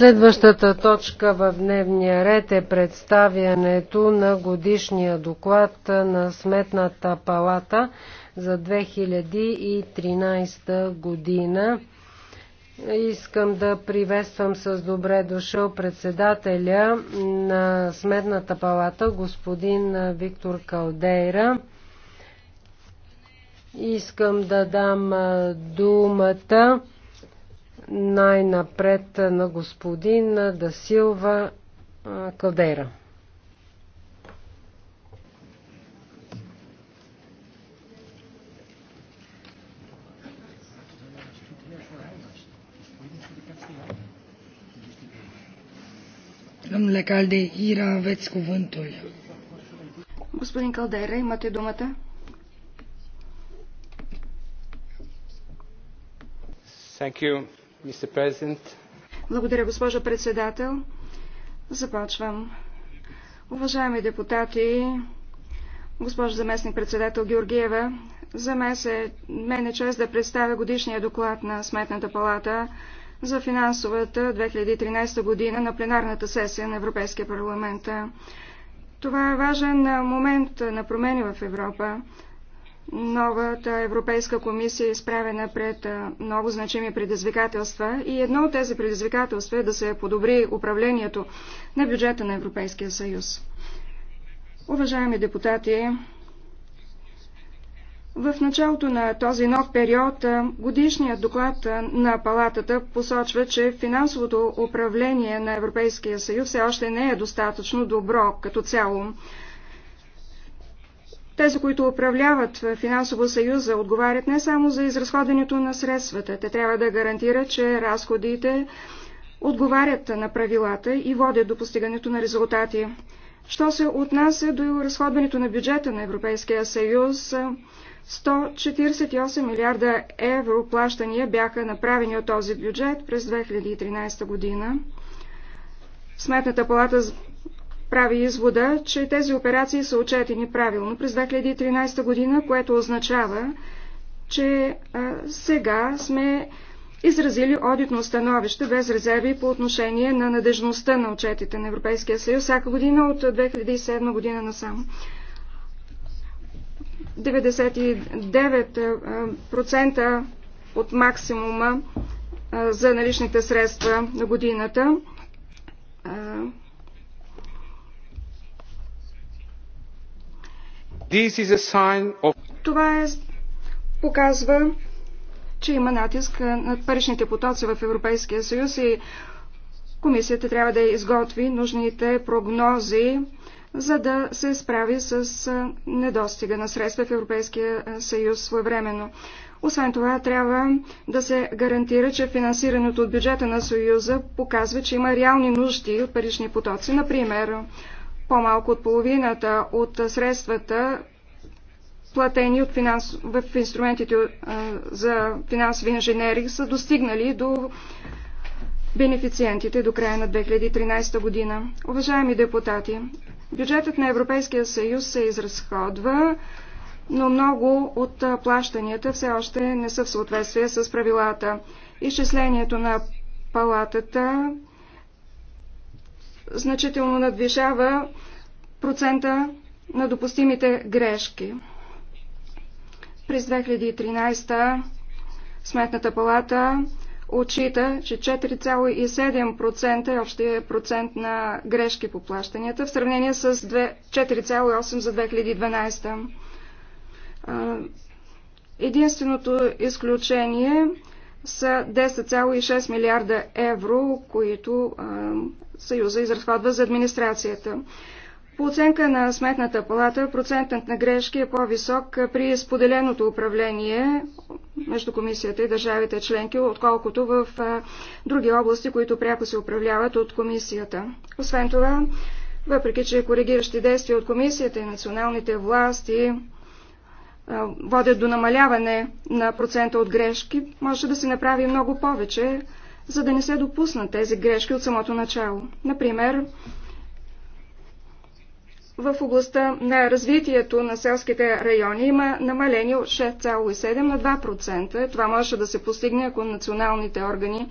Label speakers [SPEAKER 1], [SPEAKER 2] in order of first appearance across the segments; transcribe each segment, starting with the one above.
[SPEAKER 1] Следващата точка в дневния ред е представянето на годишния доклад на Сметната палата за 2013 година. Искам да приветствам с добре дошъл председателя на Сметната палата, господин Виктор Калдейра. Искам да дам думата най-напред на господин Дасилва Калдейра.
[SPEAKER 2] Domnule Caldeira, aveți cuvântul. Господин Калдейра, имате думата. Thank you. Благодаря, госпожо председател. Започвам. Уважаеми депутати, госпожо заместник председател Георгиева, за мен, е мен е чест да представя годишния доклад на Сметната палата за финансовата 2013 година на пленарната сесия на Европейския парламент. Това е важен момент на промени в Европа. Новата Европейска комисия е изправена пред много значими предизвикателства и едно от тези предизвикателства е да се подобри управлението на бюджета на Европейския съюз. Уважаеми депутати, в началото на този нов период годишният доклад на палатата посочва, че финансовото управление на Европейския съюз все още не е достатъчно добро като цяло. Тези, които управляват финансово съюза, отговарят не само за изразходването на средствата. Те трябва да гарантират, че разходите отговарят на правилата и водят до постигането на резултати. Що се отнася до разходването на бюджета на Европейския съюз, 148 милиарда евро плащания бяха направени от този бюджет през 2013 година. Сметната палата прави извода, че тези операции са отчетени правилно през 2013 година, което означава, че а, сега сме изразили одитно становище без резерви по отношение на надежността на отчетите на Европейския съюз всяка година от 2007 година насам. 99% от максимума за наличните средства на годината Of... Това е, показва, че има натиск е, на паричните потоци в Европейския съюз и комисията трябва да изготви нужните прогнози, за да се справи с е, недостига на средства в Европейския е, съюз своевременно. Освен това, трябва да се гарантира, че финансирането от бюджета на Съюза показва, че има реални нужди от парични потоци. Например, по-малко от половината от средствата, платени от финансов, в инструментите за финансови инженери, са достигнали до бенефициентите до края на 2013 година. Уважаеми депутати, бюджетът на Европейския съюз се изразходва, но много от плащанията все още не са в съответствие с правилата. Изчислението на палатата значително надвижава процента на допустимите грешки. През 2013 Сметната палата отчита, че 4,7% е общия процент на грешки по плащанията в сравнение с 4,8% за 2012. Единственото изключение са 10,6 милиарда евро, които Съюза изразходва за администрацията. По оценка на Сметната палата, процентът на грешки е по-висок при споделеното управление между комисията и държавите членки, отколкото в други области, които пряко се управляват от комисията. Освен това, въпреки че коригиращи действия от комисията и националните власти водят до намаляване на процента от грешки, може да се направи много повече, за да не се допуснат тези грешки от самото начало. Например, в областта на развитието на селските райони има намаление от 6,7 на 2%. Това можеше да се постигне, ако националните органи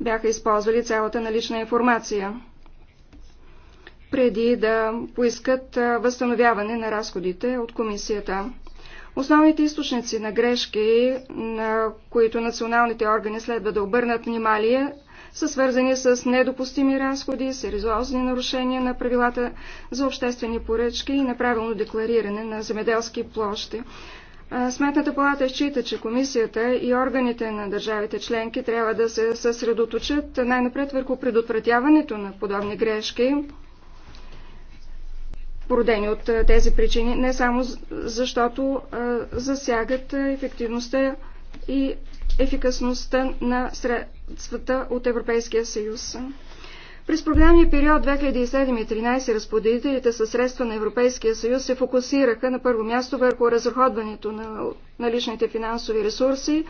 [SPEAKER 2] бяха използвали цялата налична информация преди да поискат възстановяване на разходите от комисията. Основните източници на грешки, на които националните органи следва да обърнат внимание, са свързани с недопустими разходи, сериозни нарушения на правилата за обществени поръчки и неправилно деклариране на земеделски площи. Сметната палата счита, че комисията и органите на държавите членки трябва да се съсредоточат най-напред върху предотвратяването на подобни грешки, породени от тези причини, не само защото засягат ефективността и ефикасността на средствата от Европейския съюз. През програмния период 2007-2013 разпределителите със средства на Европейския съюз се фокусираха на първо място върху разходването на наличните финансови ресурси,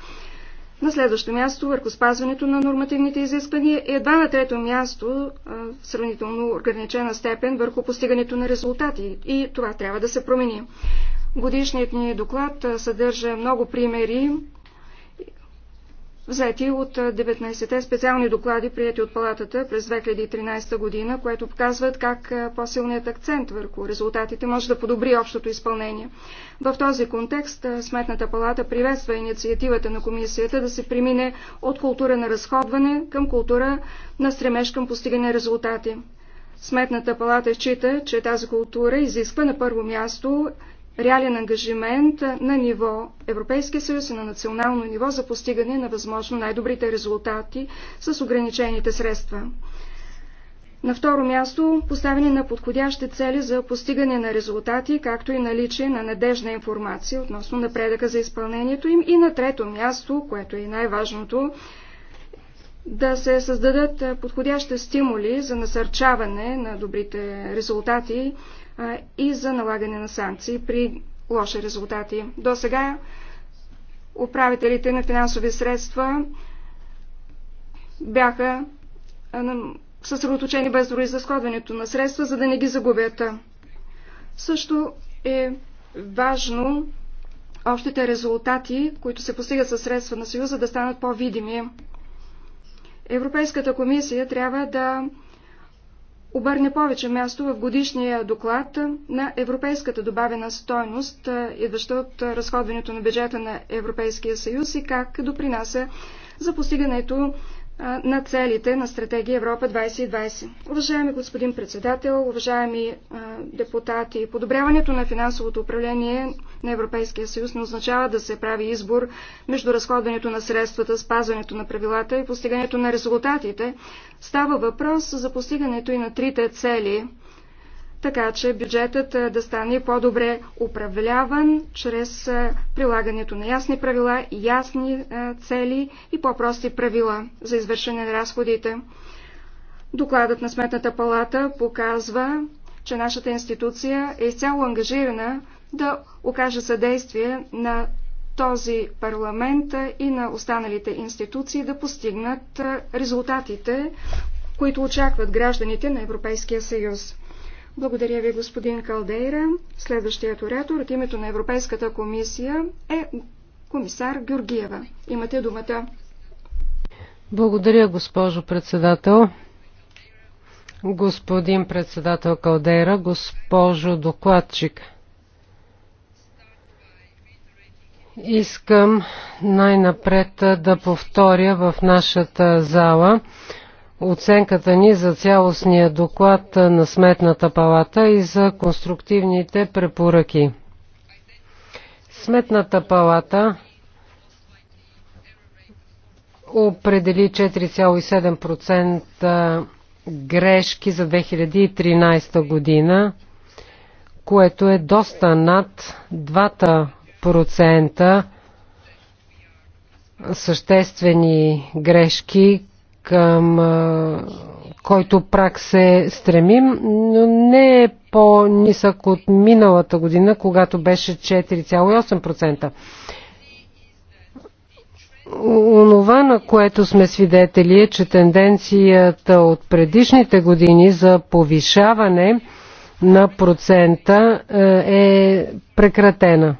[SPEAKER 2] на следващо място върху спазването на нормативните изисквания и е едва на трето място в сравнително ограничена степен върху постигането на резултати. И това трябва да се промени. Годишният ни доклад съдържа много примери взети от 19-те специални доклади, прияти от палатата през 2013 година, което показват как по-силният акцент върху резултатите може да подобри общото изпълнение. В този контекст Сметната палата приветства инициативата на комисията да се премине от култура на разходване към култура на стремеж към постигане резултати. Сметната палата счита, че тази култура изисква на първо място реален ангажимент на ниво Европейския съюз и на национално ниво за постигане на възможно най-добрите резултати с ограничените средства. На второ място, поставяне на подходящи цели за постигане на резултати, както и наличие на надежна информация относно напредъка за изпълнението им. И на трето място, което е и най-важното, да се създадат подходящи стимули за насърчаване на добрите резултати и за налагане на санкции при лоши резултати. До сега управителите на финансови средства бяха съсредоточени без дори изразходването на средства, за да не ги загубят. Също е важно общите резултати, които се постигат със средства на Съюза, да станат по-видими. Европейската комисия трябва да обърне повече място в годишния доклад на европейската добавена стойност, идваща от разходването на бюджета на Европейския съюз и как допринася за постигането на целите на стратегия Европа 2020. Уважаеми господин председател, уважаеми депутати, подобряването на финансовото управление на Европейския съюз не означава да се прави избор между разходването на средствата, спазването на правилата и постигането на резултатите. Става въпрос за постигането и на трите цели така че бюджетът да стане по-добре управляван чрез прилагането на ясни правила, ясни цели и по-прости правила за извършване на разходите. Докладът на Сметната палата показва, че нашата институция е изцяло ангажирана да окаже съдействие на този парламент и на останалите институции да постигнат резултатите, които очакват гражданите на Европейския съюз. Благодаря ви, господин Калдейра. Следващият оратор от името на Европейската комисия е комисар Георгиева. Имате думата.
[SPEAKER 1] Благодаря, госпожо председател. Господин председател Калдейра, госпожо докладчик. Искам най-напред да повторя в нашата зала, оценката ни за цялостния доклад на Сметната палата и за конструктивните препоръки. Сметната палата определи 4,7% грешки за 2013 година, което е доста над 2% съществени грешки, към който прак се стремим, но не е по-нисък от миналата година, когато беше 4,8%. Онова, на което сме свидетели е, че тенденцията от предишните години за повишаване на процента е, е прекратена.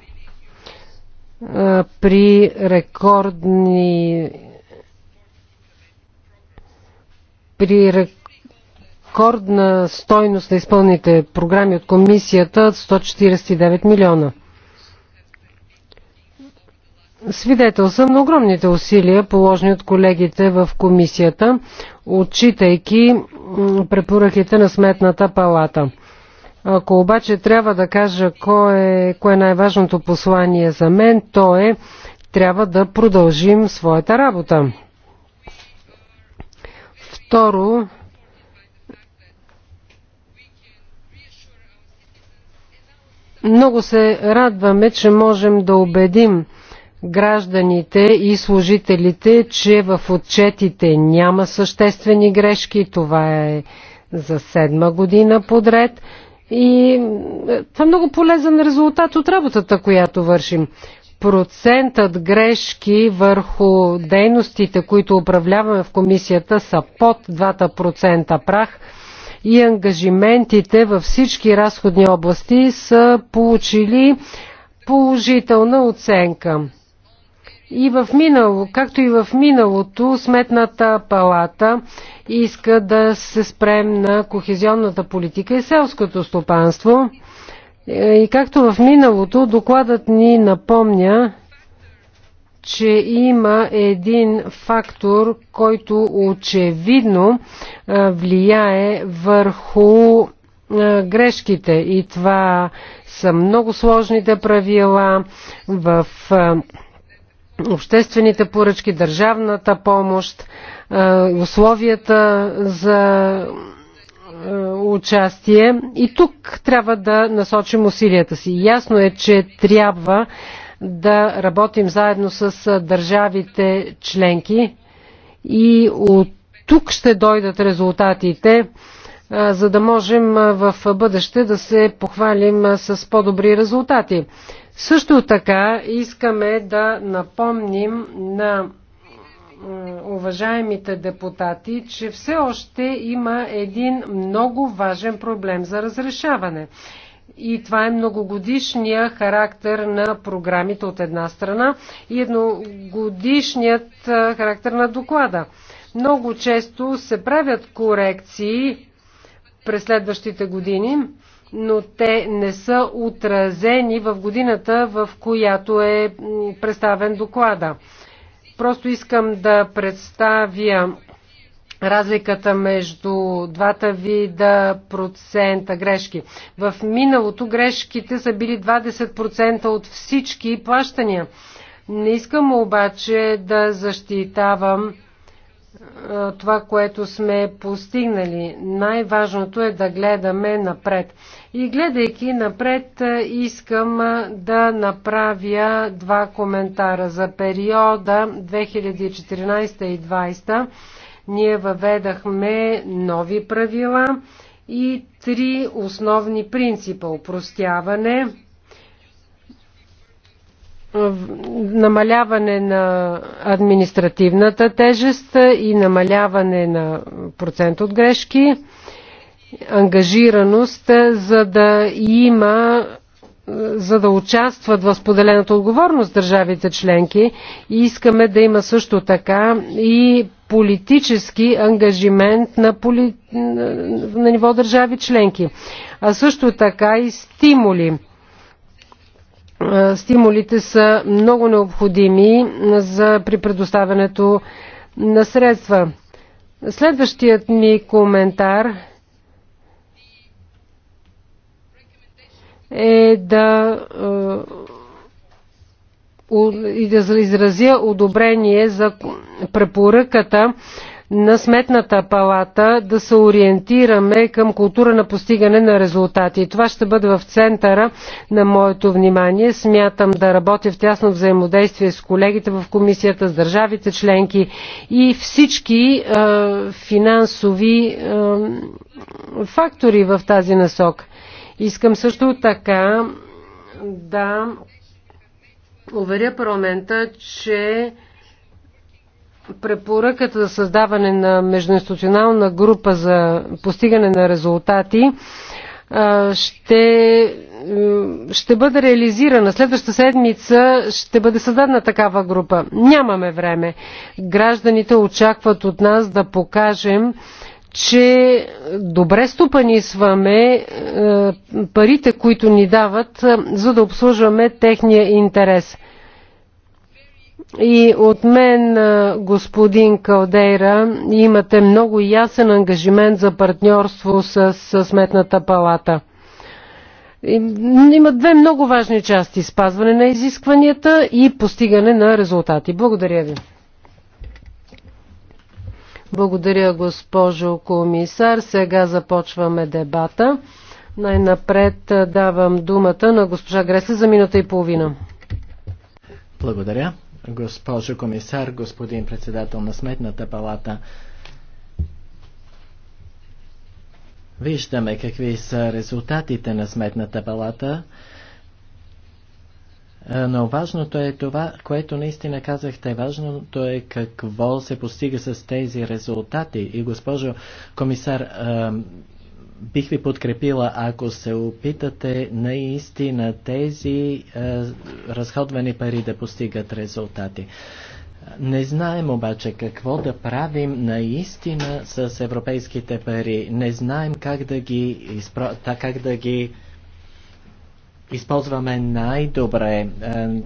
[SPEAKER 1] При рекордни при рекордна стойност на изпълните програми от комисията 149 милиона. Свидетел съм на огромните усилия, положени от колегите в комисията, отчитайки препоръките на Сметната палата. Ако обаче трябва да кажа кое, кое е най-важното послание за мен, то е трябва да продължим своята работа. Второ, много се радваме, че можем да убедим гражданите и служителите, че в отчетите няма съществени грешки. Това е за седма година подред. И е, това е много полезен резултат от работата, която вършим процентът грешки върху дейностите, които управляваме в комисията, са под 2% прах и ангажиментите във всички разходни области са получили положителна оценка. И в минало, както и в миналото, Сметната палата иска да се спрем на кохезионната политика и селското стопанство. Е, и както в миналото, докладът ни напомня, че има един фактор, който очевидно е, влияе върху е, грешките. И това са много сложните правила в обществените поръчки, държавната помощ, условията за е, участие. И тук трябва да насочим усилията си. Ясно е, че трябва да работим заедно с е, държавите членки и от тук ще дойдат резултатите, е, за да можем в бъдеще да се похвалим с по-добри резултати. Също така искаме да напомним на уважаемите депутати, че все още има един много важен проблем за разрешаване. И това е многогодишния характер на програмите от една страна и едногодишният характер на доклада. Много често се правят корекции през следващите години, но те не са отразени в годината, в която е представен доклада. Просто искам да представя разликата между двата вида процента грешки. В миналото грешките са били 20% от всички плащания. Не искам обаче да защитавам това, което сме постигнали. Най-важното е да гледаме напред. И гледайки напред, е, искам е, да направя два коментара за периода 2014 и 2020. Ние въведахме нови правила и три основни принципа. Опростяване, намаляване на административната тежест и намаляване на процент от грешки ангажираност, е, за да има е, за да участват в споделената отговорност държавите членки и искаме да има също така и политически ангажимент на, поли... на ниво държави членки, а също така и стимули. Е, стимулите са много необходими за при предоставянето на средства. Следващият ми коментар е да е, и да изразя одобрение за препоръката на Сметната палата да се ориентираме към култура на постигане на резултати. Това ще бъде в центъра на моето внимание. Смятам да работя в тясно взаимодействие с колегите в комисията, с държавите членки и всички е, финансови е, фактори в тази насок. Искам също така да уверя парламента, че препоръката за създаване на междуинституционална група за постигане на резултати ще, ще бъде реализирана. Следващата седмица ще бъде създадена такава група. Нямаме време. Гражданите очакват от нас да покажем, че добре стопанисваме е, парите, които ни дават, е, за да обслужваме техния интерес. И от мен, е, господин Калдейра, имате много ясен ангажимент за партньорство с, с Сметната палата. Има две много важни части – спазване на изискванията и постигане на резултати. Благодаря ви. Благодаря, госпожо комисар. Сега започваме дебата. Най-напред давам думата на госпожа Греса за минута и половина.
[SPEAKER 3] Благодаря. Госпожо комисар, господин председател на Сметната палата, виждаме какви са резултатите на Сметната палата. Е, но важното е това, което наистина казахте. Важното е какво се постига с тези резултати. И госпожо комисар, е, бих ви подкрепила, ако се опитате наистина тези е, разходвани пари да постигат резултати. Не знаем обаче какво да правим наистина с европейските пари. Не знаем как да ги, изпро... как да ги използваме най-добре, е,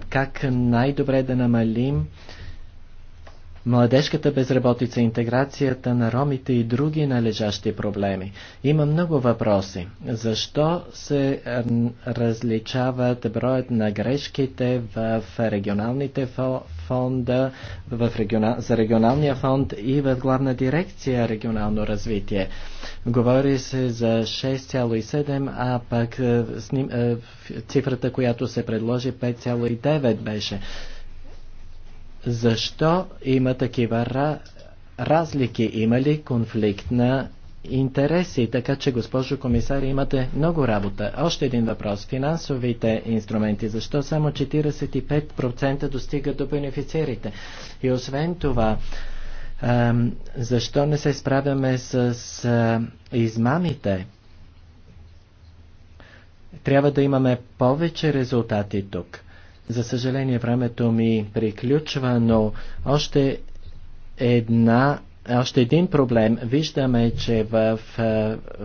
[SPEAKER 3] как най-добре да намалим младежката безработица, интеграцията на ромите и други належащи проблеми. Има много въпроси. Защо се различават броят на грешките в регионалните фонда, в региона, за регионалния фонд и в главна дирекция регионално развитие? Говори се за 6,7, а пък е, е, цифрата, която се предложи 5,9 беше. Защо има такива разлики? Има ли конфликт на интереси? Така че, госпожо комисар, имате много работа. Още един въпрос. Финансовите инструменти. Защо само 45% достигат до бенефициерите? И освен това, защо не се справяме с измамите? Трябва да имаме повече резултати тук. За съжаление, времето ми приключва, но още една още един проблем. Виждаме, че в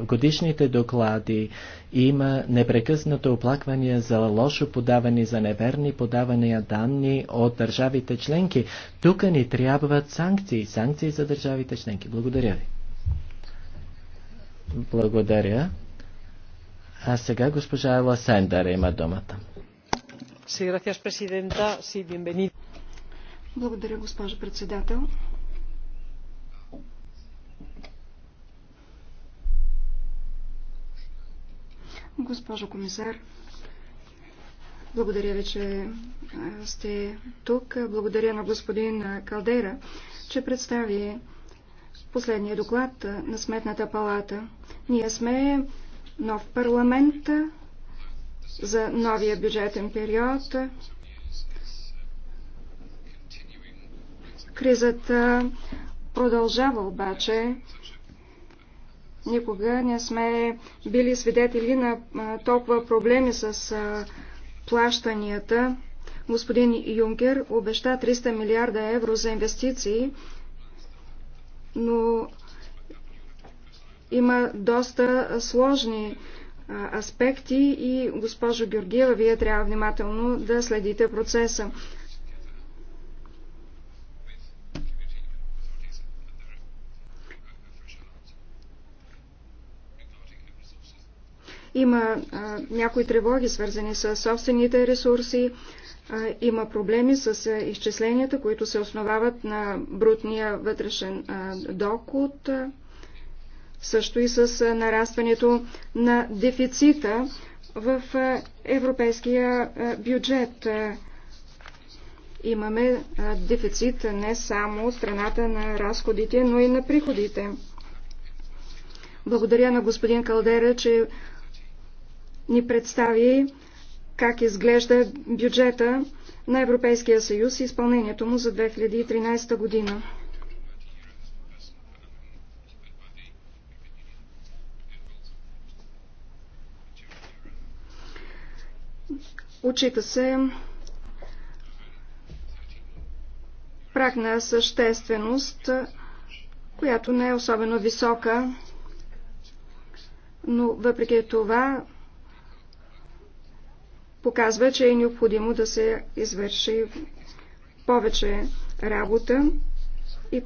[SPEAKER 3] годишните доклади има непрекъснато оплаквания за лошо подаване, за неверни подавания данни от държавите членки. Тук ни трябват санкции. Санкции за държавите членки. Благодаря ви. Благодаря. А сега госпожа Ела Сендър има думата.
[SPEAKER 2] Благодаря, госпожо председател. Госпожо комисар, благодаря ви, че сте тук. Благодаря на господин Калдера, че представи последния доклад на Сметната палата. Ние сме нов парламент, за новия бюджетен период. Кризата продължава обаче. Никога не сме били свидетели на толкова проблеми с плащанията. Господин Юнкер обеща 300 милиарда евро за инвестиции, но има доста сложни аспекти и госпожо Георгиева, вие трябва внимателно да следите процеса. Има а, някои тревоги, свързани с собствените ресурси, а, има проблеми с а, изчисленията, които се основават на брутния вътрешен а, доход. А, също и с нарастването на дефицита в европейския бюджет. Имаме дефицит не само страната на разходите, но и на приходите. Благодаря на господин Калдера, че ни представи как изглежда бюджета на Европейския съюз и изпълнението му за 2013 година. Отчита се прагна същественост, която не е особено висока, но въпреки това показва, че е необходимо да се извърши повече работа и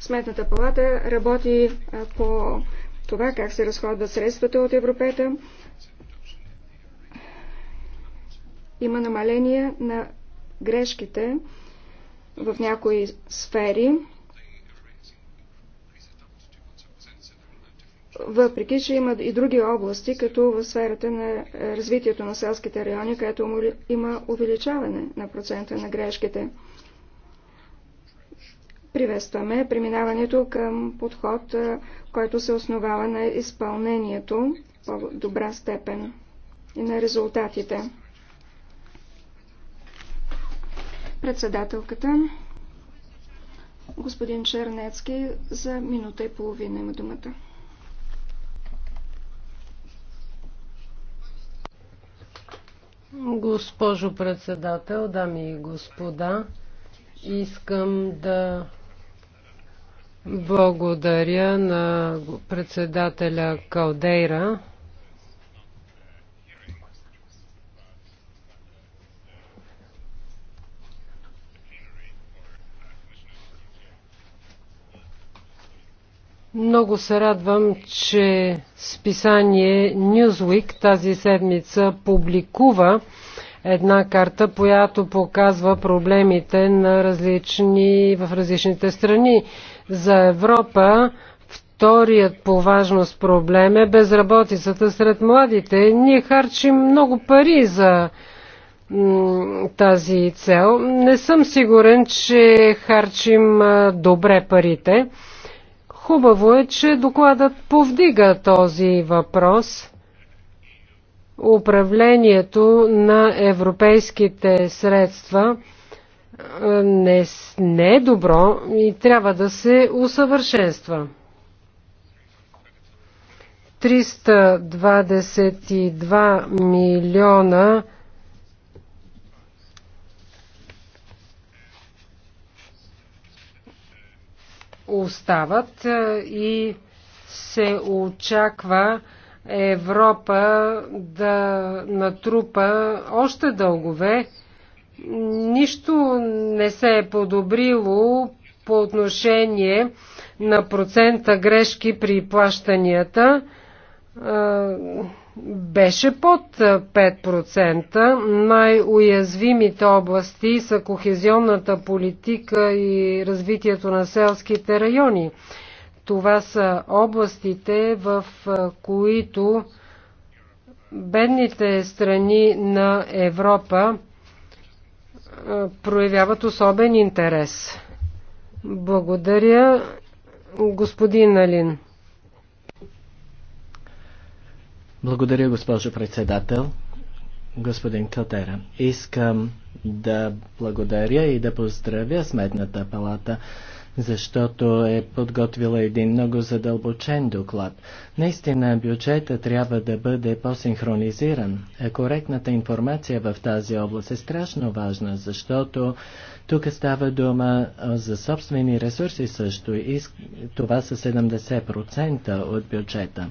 [SPEAKER 2] Сметната палата работи по това как се разходват средствата от Европета. Има намаление на грешките в някои сфери, въпреки че има и други области, като в сферата на е, развитието на селските райони, където има увеличаване на процента на грешките. Приветстваме преминаването към подход, който се основава на изпълнението в добра степен и на резултатите. Председателката господин Чернецки за минута и половина има думата.
[SPEAKER 1] Госпожо председател, дами и господа, искам да благодаря на председателя Калдейра. Много се радвам, че списание Newsweek тази седмица публикува една карта, която показва проблемите на различни, в различните страни. За Европа вторият по важност проблем е безработицата сред младите. Ние харчим много пари за тази цел. Не съм сигурен, че харчим добре парите. Хубаво е, че докладът повдига този въпрос. Управлението на европейските средства – не, не е добро и трябва да се усъвършенства. 322 милиона остават и се очаква Европа да натрупа още дългове Нищо не се е подобрило по отношение на процента грешки при плащанията. Беше под 5%. Най-уязвимите области са кохезионната политика и развитието на селските райони. Това са областите, в които бедните страни на Европа проявяват особен интерес. Благодаря, господин
[SPEAKER 3] Алин. Благодаря, госпожо председател. Господин Калтера, искам да благодаря и да поздравя Сметната палата защото е подготвила един много задълбочен доклад. Наистина бюджета трябва да бъде по-синхронизиран. Е, коректната информация в тази област е страшно важна, защото тук става дума за собствени ресурси също и това са 70% от бюджета.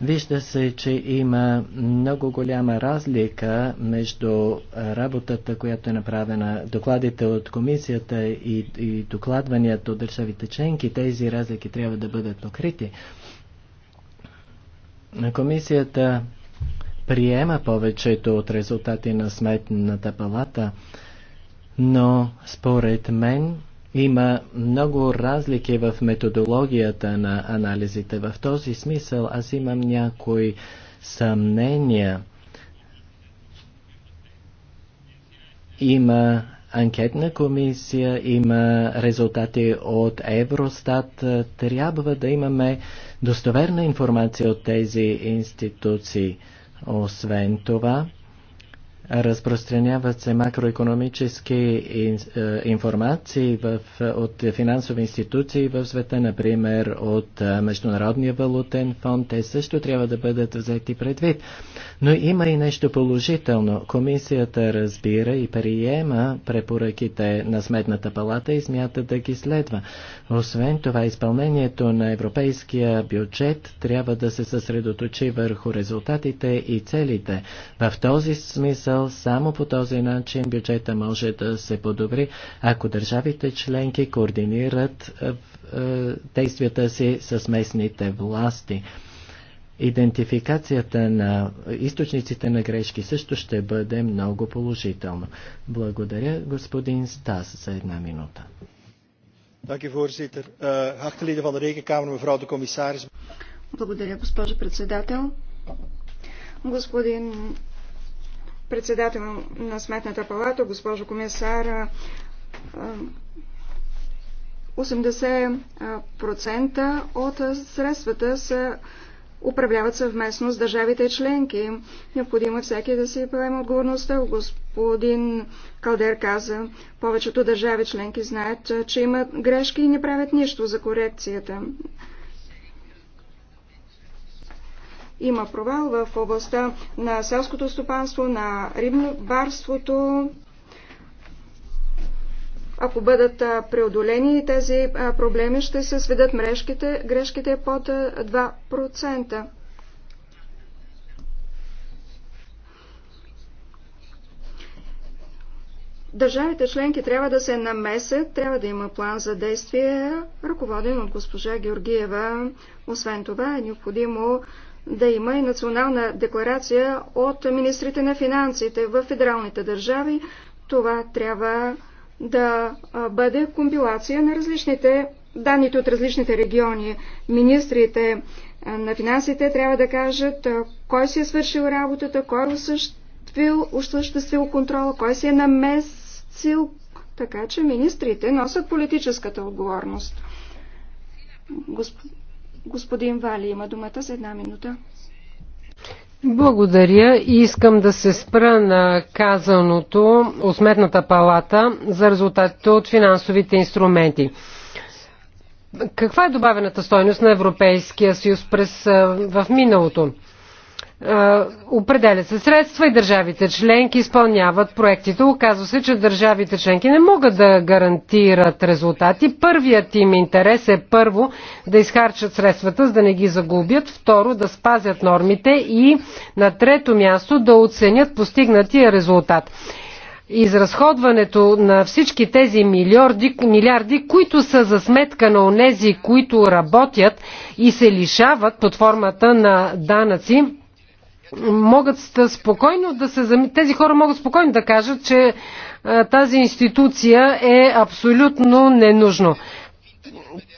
[SPEAKER 3] Вижда се, че има много голяма разлика между работата, която е направена, докладите от комисията и, и докладванията от държавите членки. Тези разлики трябва да бъдат покрити. Комисията приема повечето от резултати на сметната палата, но според мен има много разлики в методологията на анализите. В този смисъл аз имам някои съмнения. Има анкетна комисия, има резултати от Евростат. Трябва да имаме достоверна информация от тези институции. Освен това, Разпространяват се макроекономически е, информации в, от финансови институции в света, например от е, Международния валутен фонд. Те също трябва да бъдат взети предвид. Но има и нещо положително. Комисията разбира и приема препоръките на Сметната палата и смята да ги следва. Освен това, изпълнението на европейския бюджет трябва да се съсредоточи върху резултатите и целите. В този смисъл, само по този начин бюджета може да се подобри, ако държавите членки координират е, е, действията си с местните власти идентификацията на източниците на грешки също ще бъде много положително. Благодаря господин Стас за една минута. Eh,
[SPEAKER 2] Благодаря, госпожо председател. Господин председател на Сметната палата, госпожо комисар, 80% е, от средствата са управляват съвместно с държавите членки. Необходимо е всеки да си поеме отговорността. Господин Калдер каза, повечето държави членки знаят, че имат грешки и не правят нищо за корекцията. Има провал в областта на селското стопанство, на рибарството, ако бъдат преодолени тези проблеми, ще се сведат мрежките, грешките под 2%. Държавите членки трябва да се намесят, трябва да има план за действие, ръководен от госпожа Георгиева. Освен това е необходимо да има и национална декларация от министрите на финансите в федералните държави. Това трябва да бъде компилация на различните данните от различните региони. Министрите на финансите трябва да кажат кой си е свършил работата, кой е осъществил, осъществил контрола, кой си е намесил, така че министрите носят политическата отговорност. Госп... Господин Вали има думата за една минута.
[SPEAKER 1] Благодаря и искам да се спра на казаното от Сметната палата за резултатите от финансовите инструменти. Каква е добавената стойност на Европейския съюз през, в миналото? Е, определя се средства и държавите членки изпълняват проектите. Оказва се, че държавите членки не могат да гарантират резултати. Първият им интерес е първо да изхарчат средствата, за да не ги загубят, второ да спазят нормите и на трето място да оценят постигнатия резултат изразходването на всички тези милиарди, милиарди, които са за сметка на онези, които работят и се лишават под формата на данъци, могат спокойно да се тези хора могат спокойно да кажат, че е, тази институция е абсолютно ненужно.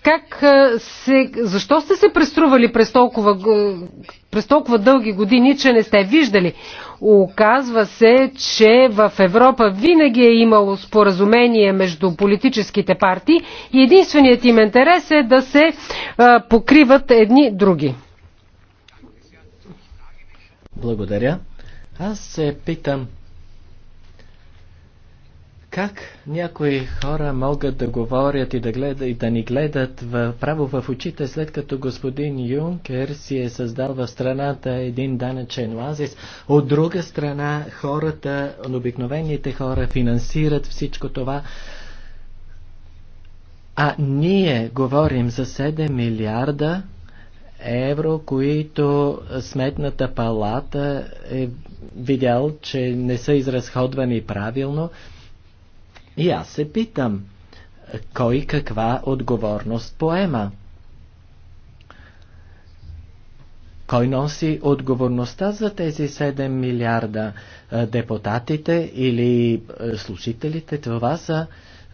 [SPEAKER 1] Как е, се, защо сте се престрували през толкова, през толкова дълги години, че не сте виждали? Оказва се, че в Европа винаги е имало споразумение между политическите партии и единственият им интерес е да се е, покриват едни други.
[SPEAKER 3] Благодаря. Аз се питам как някои хора могат да говорят и да, гледа, и да ни гледат в, право в очите, след като господин Юнкер си е създал в страната един данъчен оазис. От друга страна, хората, обикновените хора финансират всичко това. А ние говорим за 7 милиарда евро, които Сметната палата е видял, че не са изразходвани правилно. И аз се питам, кой каква отговорност поема? Кой носи отговорността за тези 7 милиарда? Депутатите или служителите? Това са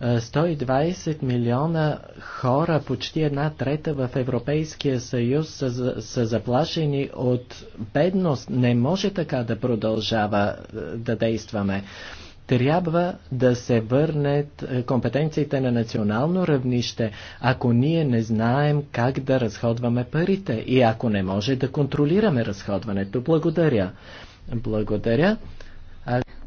[SPEAKER 3] 120 е, милиона хора, почти една трета в Европейския съюз са, са заплашени от бедност. Не може така да продължава е, да действаме. Трябва да се върнат е, компетенциите на национално равнище, ако ние не знаем как да разходваме парите и ако не може да контролираме разходването. Благодаря. Благодаря.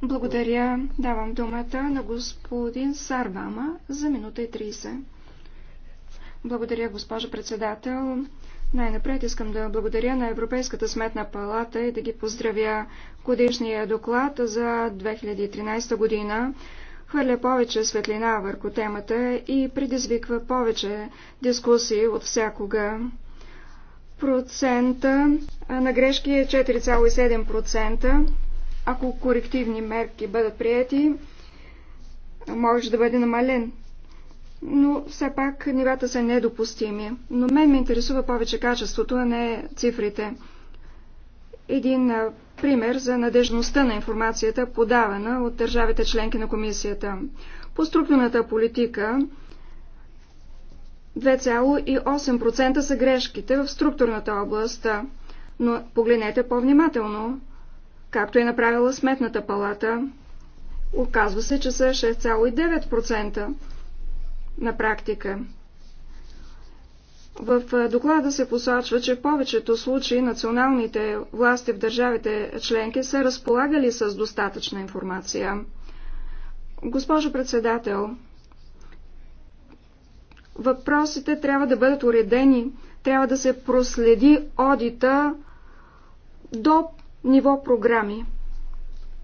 [SPEAKER 2] Благодаря. Давам думата на господин Сарвама за минута и 30. Благодаря, госпожо председател. Най-напред искам да благодаря на Европейската сметна палата и да ги поздравя. Годишния доклад за 2013 година хвърля повече светлина върху темата и предизвиква повече дискусии от всякога. Процента на грешки е 4,7% ако корективни мерки бъдат приети, може да бъде намален. Но все пак нивата са недопустими. Но мен ме интересува повече качеството, а не цифрите. Един пример за надежността на информацията, подавана от държавите членки на комисията. По структурната политика 2,8% са грешките в структурната област, но погледнете по-внимателно както е направила Сметната палата. Оказва се, че са 6,9% на практика. В доклада се посочва, че в повечето случаи националните власти в държавите членки са разполагали с достатъчна информация. Госпожо председател, въпросите трябва да бъдат уредени, трябва да се проследи одита до ниво програми.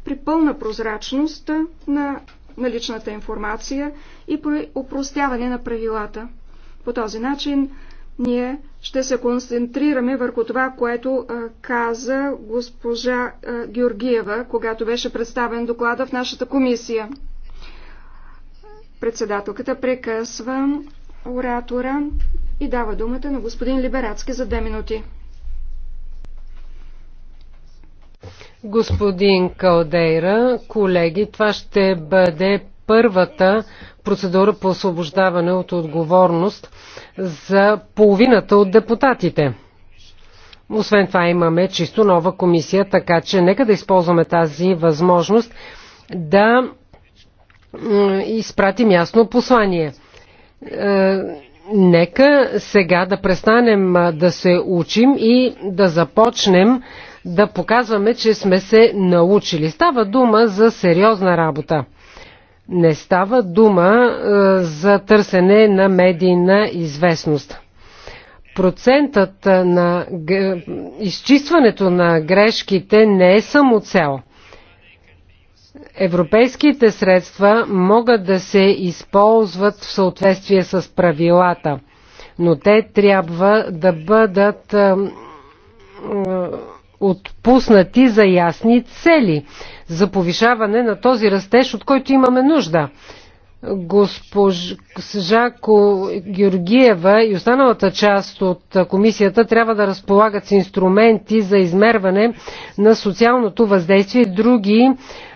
[SPEAKER 2] При пълна прозрачност на наличната информация и при упростяване на правилата. По този начин ние ще се концентрираме върху това, което а, каза госпожа а, Георгиева, когато беше представен доклада в нашата комисия. Председателката прекъсва оратора и дава думата на господин Либерацки за две минути.
[SPEAKER 1] Господин Калдейра, колеги, това ще бъде първата процедура по освобождаване от отговорност за половината от депутатите. Освен това имаме чисто нова комисия, така че нека да използваме тази възможност да изпратим ясно послание. Е, нека сега да престанем да се учим и да започнем да показваме, че сме се научили. Става дума за сериозна работа. Не става дума е, за търсене на медийна известност. Процентът е, на г... изчистването на грешките не е само цел. Европейските средства могат да се използват в съответствие с правилата, но те трябва да бъдат е, е отпуснати за ясни цели за повишаване на този растеж, от който имаме нужда. Госпожа Георгиева и останалата част от комисията трябва да разполагат с инструменти за измерване на социалното въздействие и други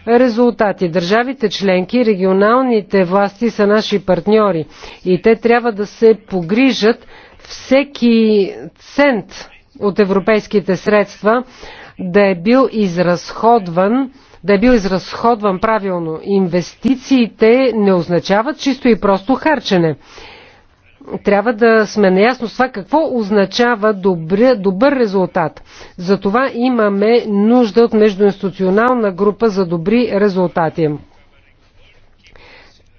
[SPEAKER 1] резултати. Държавите членки, регионалните власти са наши партньори и те трябва да се погрижат всеки цент от европейските средства да е бил изразходван да е бил изразходван правилно. Инвестициите не означават чисто и просто харчене. Трябва да сме наясно с това какво означава добър, добър резултат. Затова имаме нужда от междуинституционална група за добри резултати.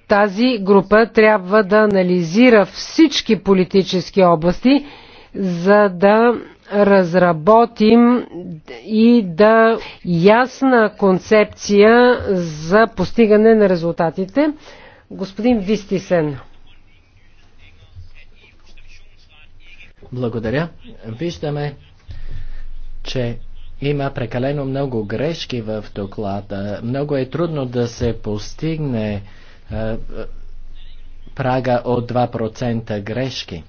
[SPEAKER 1] Тази група трябва да анализира всички политически области за да разработим и да ясна концепция за постигане на резултатите. Господин
[SPEAKER 3] Вистисен. Благодаря. Виждаме, че има прекалено много грешки в доклада. Много е трудно да се постигне прага от 2% грешки.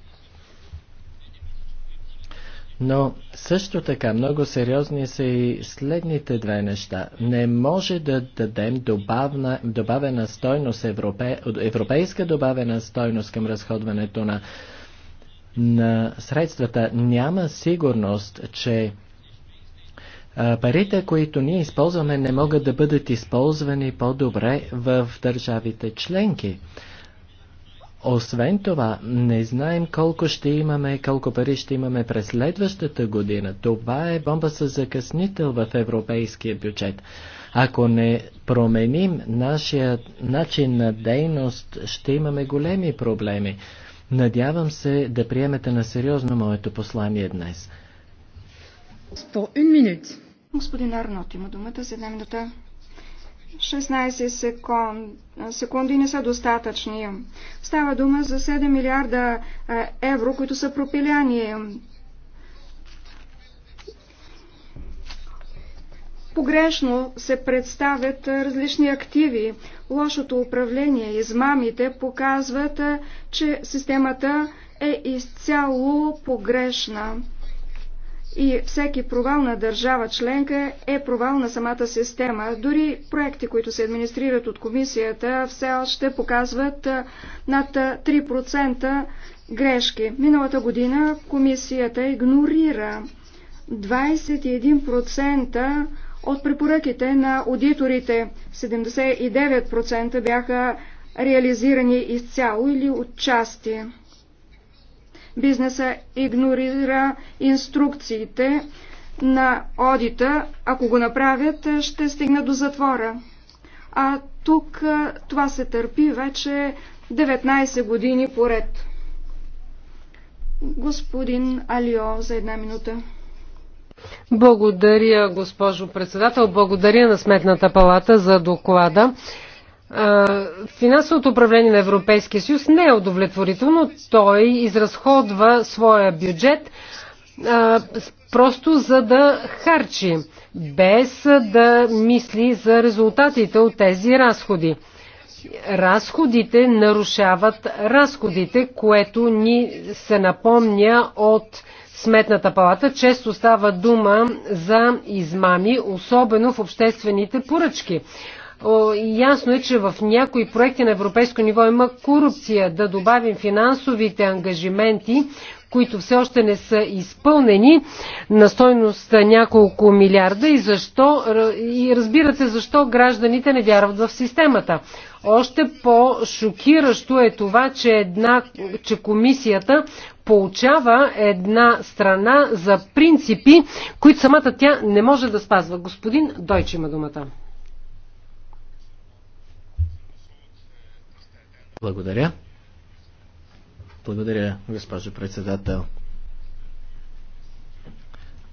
[SPEAKER 3] Но също така много сериозни са и следните две неща. Не може да дадем добавна, добавена стойност, европе, европейска добавена стойност към разходването на, на средствата. Няма сигурност, че парите, които ние използваме, не могат да бъдат използвани по-добре в държавите членки. Освен това, не знаем колко ще имаме, колко пари ще имаме през следващата година. Това е бомба с закъснител в европейския бюджет. Ако не променим нашия начин на дейност, ще имаме големи проблеми. Надявам се да приемете на сериозно моето послание днес.
[SPEAKER 2] Господин Арнот има думата за една минута. 16 секунд, секунди не са достатъчни. Става дума за 7 милиарда е, евро, които са пропиляни. Погрешно се представят различни активи. Лошото управление, измамите показват, че системата е изцяло погрешна. И всеки провал на държава членка е провал на самата система. Дори проекти, които се администрират от комисията, все още показват над 3% грешки. Миналата година комисията игнорира 21% от препоръките на аудиторите. 79% бяха реализирани изцяло или отчасти. Бизнеса игнорира инструкциите на одита. Ако го направят, ще стигна до затвора. А тук това се търпи вече 19 години поред. Господин Алио за една минута.
[SPEAKER 1] Благодаря, госпожо председател. Благодаря на Сметната палата за доклада финансовото управление на Европейския съюз не е удовлетворително. Той изразходва своя бюджет а, просто за да харчи, без да мисли за резултатите от тези разходи. Разходите нарушават разходите, което ни се напомня от Сметната палата. Често става дума за измами, особено в обществените поръчки Ясно е, че в някои проекти на европейско ниво има корупция. Да добавим финансовите ангажименти, които все още не са изпълнени на стойност няколко милиарда и защо и разбира се защо гражданите не вярват в системата. Още по-шокиращо е това, че, една, че комисията получава една страна за принципи, които самата тя не може да спазва. Господин Дойч има думата.
[SPEAKER 3] Благодаря. Благодаря, госпожо председател.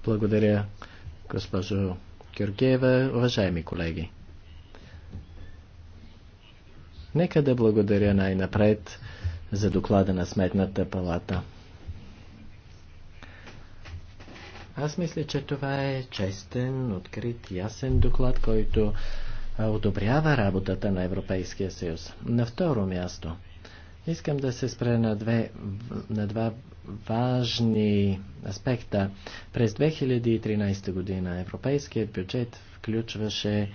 [SPEAKER 3] Благодаря, госпожо Георгиева, уважаеми колеги. Нека да благодаря най-напред за доклада на Сметната палата. Аз мисля, че това е честен, открит, ясен доклад, който одобрява работата на Европейския съюз. На второ място, искам да се спра на, две, на два важни аспекта. През 2013 година Европейският бюджет включваше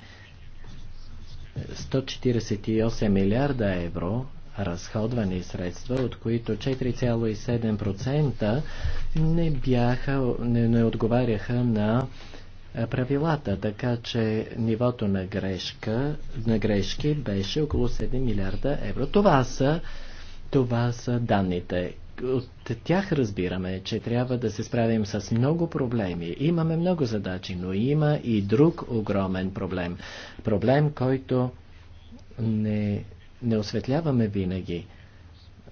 [SPEAKER 3] 148 милиарда евро разходвани средства, от които 4,7% не, бяха, не, не отговаряха на правилата, така че нивото на, грешка, на грешки беше около 7 милиарда евро. Това са, това са данните. От тях разбираме, че трябва да се справим с много проблеми. Имаме много задачи, но има и друг огромен проблем. Проблем, който не, не осветляваме винаги.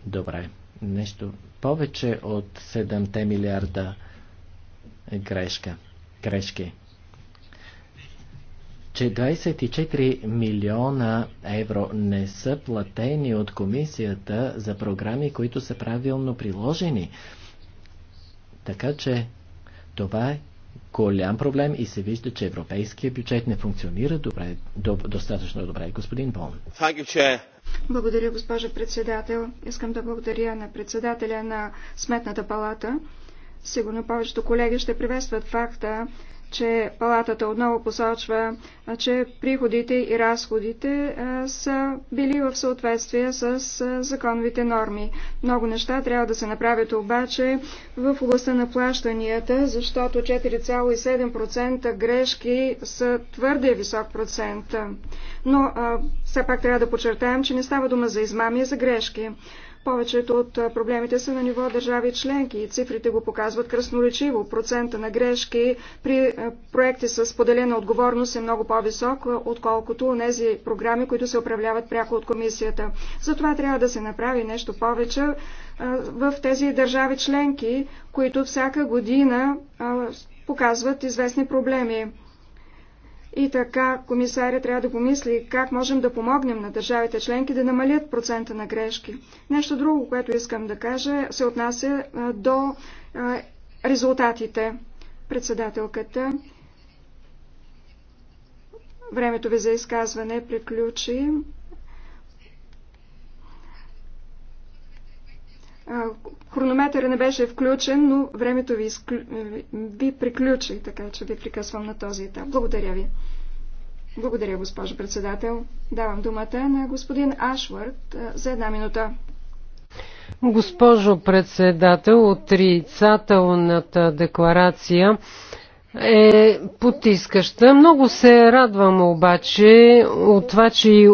[SPEAKER 3] Добре, нещо повече от 7 милиарда грешка, грешки че 24 милиона евро не са платени от комисията за програми, които са правилно приложени. Така че това е голям проблем и се вижда, че европейския бюджет не функционира добре, до, достатъчно добре. Господин Бон.
[SPEAKER 2] Благодаря, госпожа председател. Искам да благодаря на председателя на Сметната палата. Сигурно повечето колеги ще приветстват факта, че палатата отново посочва, че приходите и разходите са били в съответствие с законовите норми. Много неща трябва да се направят обаче в областта на плащанията, защото 4,7% грешки са твърде висок процент. Но а, все пак трябва да подчертаем, че не става дума за измами, а за грешки. Повечето от проблемите са на ниво държави членки и цифрите го показват красноречиво. Процента на грешки при е, проекти с поделена отговорност е много по-висок, е, отколкото у нези програми, които се управляват пряко от комисията. Затова трябва да се направи нещо повече е, в тези държави членки, които всяка година показват известни проблеми. И така комисаря трябва да помисли как можем да помогнем на държавите членки да намалят процента на грешки. Нещо друго, което искам да кажа, се отнася до резултатите. Председателката, времето ви за изказване приключи. Хронометъра не беше включен, но времето ви, изклю... Е, ви приключи, така че ви прикъсвам на този етап. Благодаря ви. Благодаря, госпожо председател. Давам думата на господин Ашвард за една минута.
[SPEAKER 1] Госпожо председател, отрицателната декларация е потискаща. Много се радвам обаче от това, че и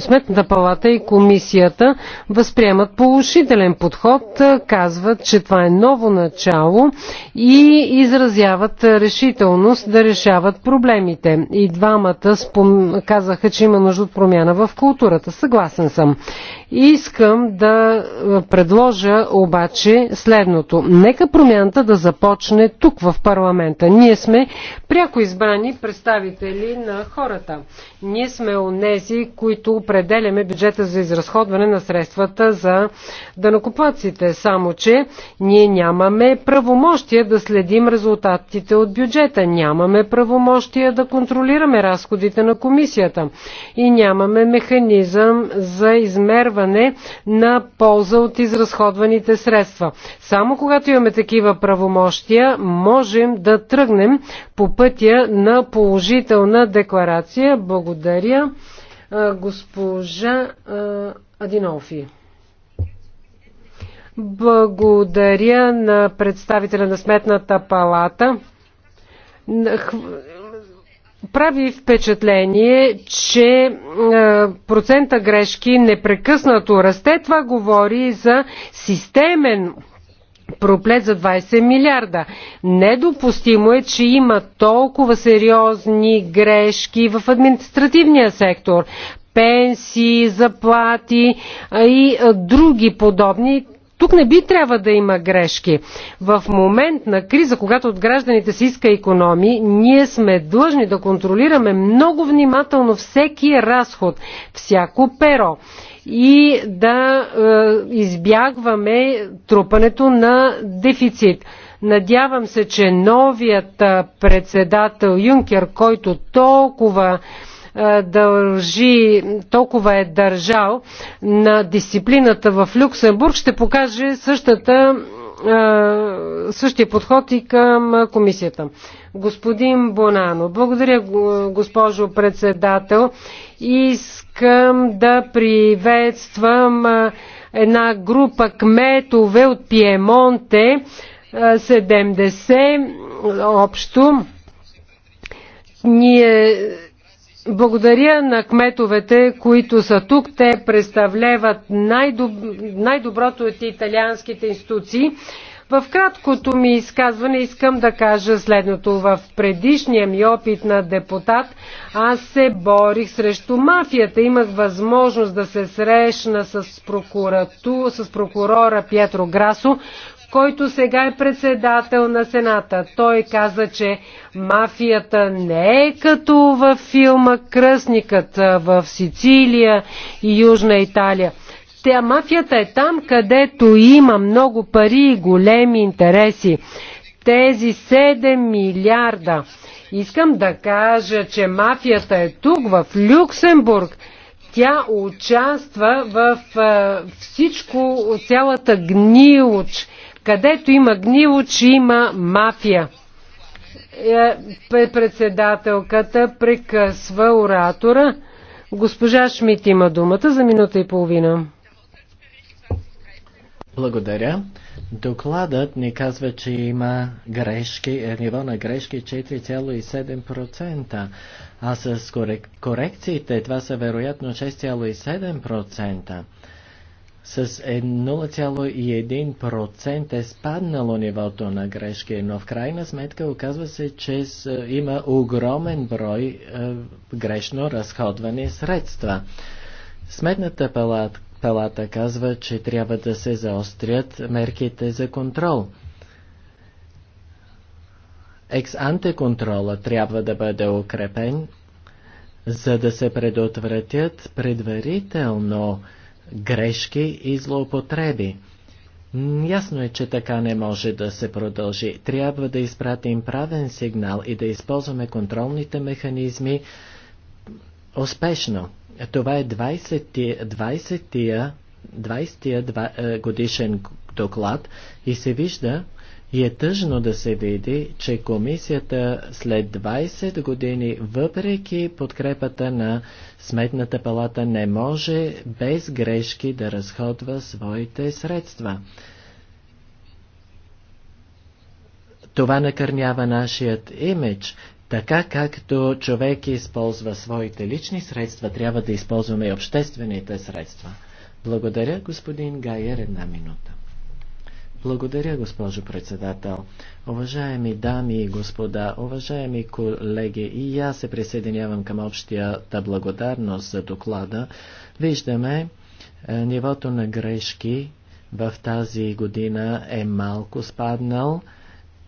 [SPEAKER 1] Сметната палата и комисията възприемат положителен подход, казват, че това е ново начало и изразяват решителност да решават проблемите. И двамата спом... казаха, че има нужда от промяна в културата. Съгласен съм. Искам да предложа обаче следното. Нека промяната да започне тук в парламента ние сме пряко избрани представители на хората. Ние сме онези, които определяме бюджета за изразходване на средствата за данокопаците. Само, че ние нямаме правомощия да следим резултатите от бюджета. Нямаме правомощия да контролираме разходите на комисията. И нямаме механизъм за измерване на полза от изразходваните средства. Само когато имаме такива правомощия, можем да тръгнем тръгнем по пътя на положителна декларация. Благодаря, госпожа Адинофи. Благодаря на представителя на Сметната палата. Прави впечатление, че процента грешки непрекъснато расте. Това говори за системен проплет за 20 милиарда. Недопустимо е, че има толкова сериозни грешки в административния сектор. Пенсии, заплати и други подобни. Тук не би трябва да има грешки. В момент на криза, когато от гражданите се иска економи, ние сме длъжни да контролираме много внимателно всеки разход, всяко перо и да е, избягваме трупането на дефицит. Надявам се, че новият е, председател Юнкер, който толкова е, дължи, толкова е държал на дисциплината в Люксембург, ще покаже същата е, същия подход и към комисията. Господин Бонано, благодаря госпожо председател. Искам да приветствам е, една група кметове от Пиемонте, 70 е, общо. Ние благодаря на кметовете, които са тук. Те представляват най-доб- най-доброто от италианските институции. В краткото ми изказване искам да кажа следното. В предишния ми опит на депутат аз се борих срещу мафията. Имах възможност да се срещна с, прокурату, с прокурора Пьетро Грасо, който сега е председател на Сената. Той каза, че мафията не е като във филма Кръсникът в Сицилия и Южна Италия. Тя мафията е там, където има много пари и големи интереси. Тези 7 милиарда. Искам да кажа, че мафията е тук, в Люксембург. Тя участва в всичко, цялата гнилоч където има гнило, че има мафия. Е, председателката прекъсва оратора. Госпожа Шмидт има думата за минута и половина.
[SPEAKER 3] Благодаря. Докладът ни казва, че има грешки, е, ниво на грешки 4,7%, а с корекциите това са вероятно 6,7% с 0,1% е, е спаднало нивото на грешки, но в крайна сметка оказва се, че е, има огромен брой е, грешно разходвани средства. Сметната палата, палата казва, че трябва да се заострят мерките за контрол. екс антеконтрола контрола трябва да бъде укрепен, за да се предотвратят предварително грешки и злоупотреби. Ясно е, че така не може да се продължи. Трябва да изпратим правен сигнал и да използваме контролните механизми успешно. Това е 20-тия 20 20 годишен доклад и се вижда, и е тъжно да се види, че комисията след 20 години, въпреки подкрепата на Сметната палата, не може без грешки да разходва своите средства. Това накърнява нашият имидж. Така както човек използва своите лични средства, трябва да използваме и обществените средства. Благодаря, господин Гайер, една минута. Благодаря, госпожо председател. Уважаеми дами и господа, уважаеми колеги, и аз се присъединявам към общията благодарност за доклада. Виждаме, е, нивото на грешки в тази година е малко спаднал.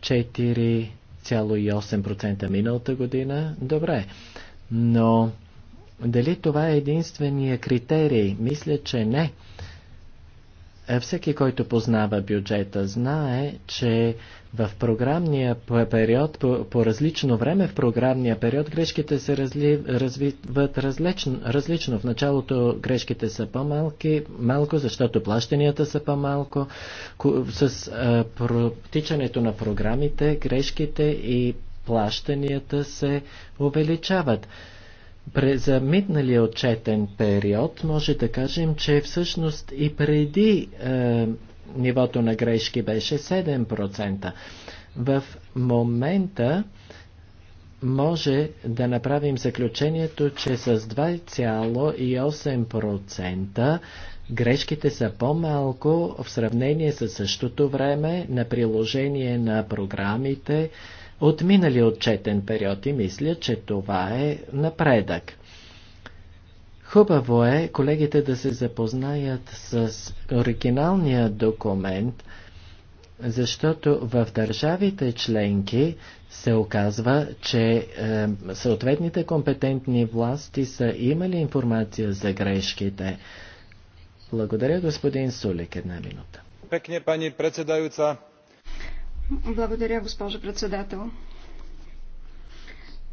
[SPEAKER 3] 4,8% миналата година. Добре. Но дали това е единствения критерий? Мисля, че не. Е, всеки, който познава бюджета, знае, че в програмния период, по, по различно време в програмния период, грешките се разли, развиват различно, различно. В началото грешките са по-малки, малко, защото плащанията са по-малко. С а, протичането на програмите, грешките и плащанията се увеличават за миналия отчетен период може да кажем, че всъщност и преди е, нивото на грешки беше 7%. В момента може да направим заключението, че с 2,8% грешките са по-малко в сравнение с същото време на приложение на програмите, от минали отчетен период и мисля, че това е напредък. Хубаво е колегите да се запознаят с оригиналния документ, защото в държавите членки се оказва, че е, съответните компетентни власти са имали информация за грешките. Благодаря, господин Сулик. Една минута. Пекне, пани председаюца.
[SPEAKER 2] Благодаря, госпожо председател.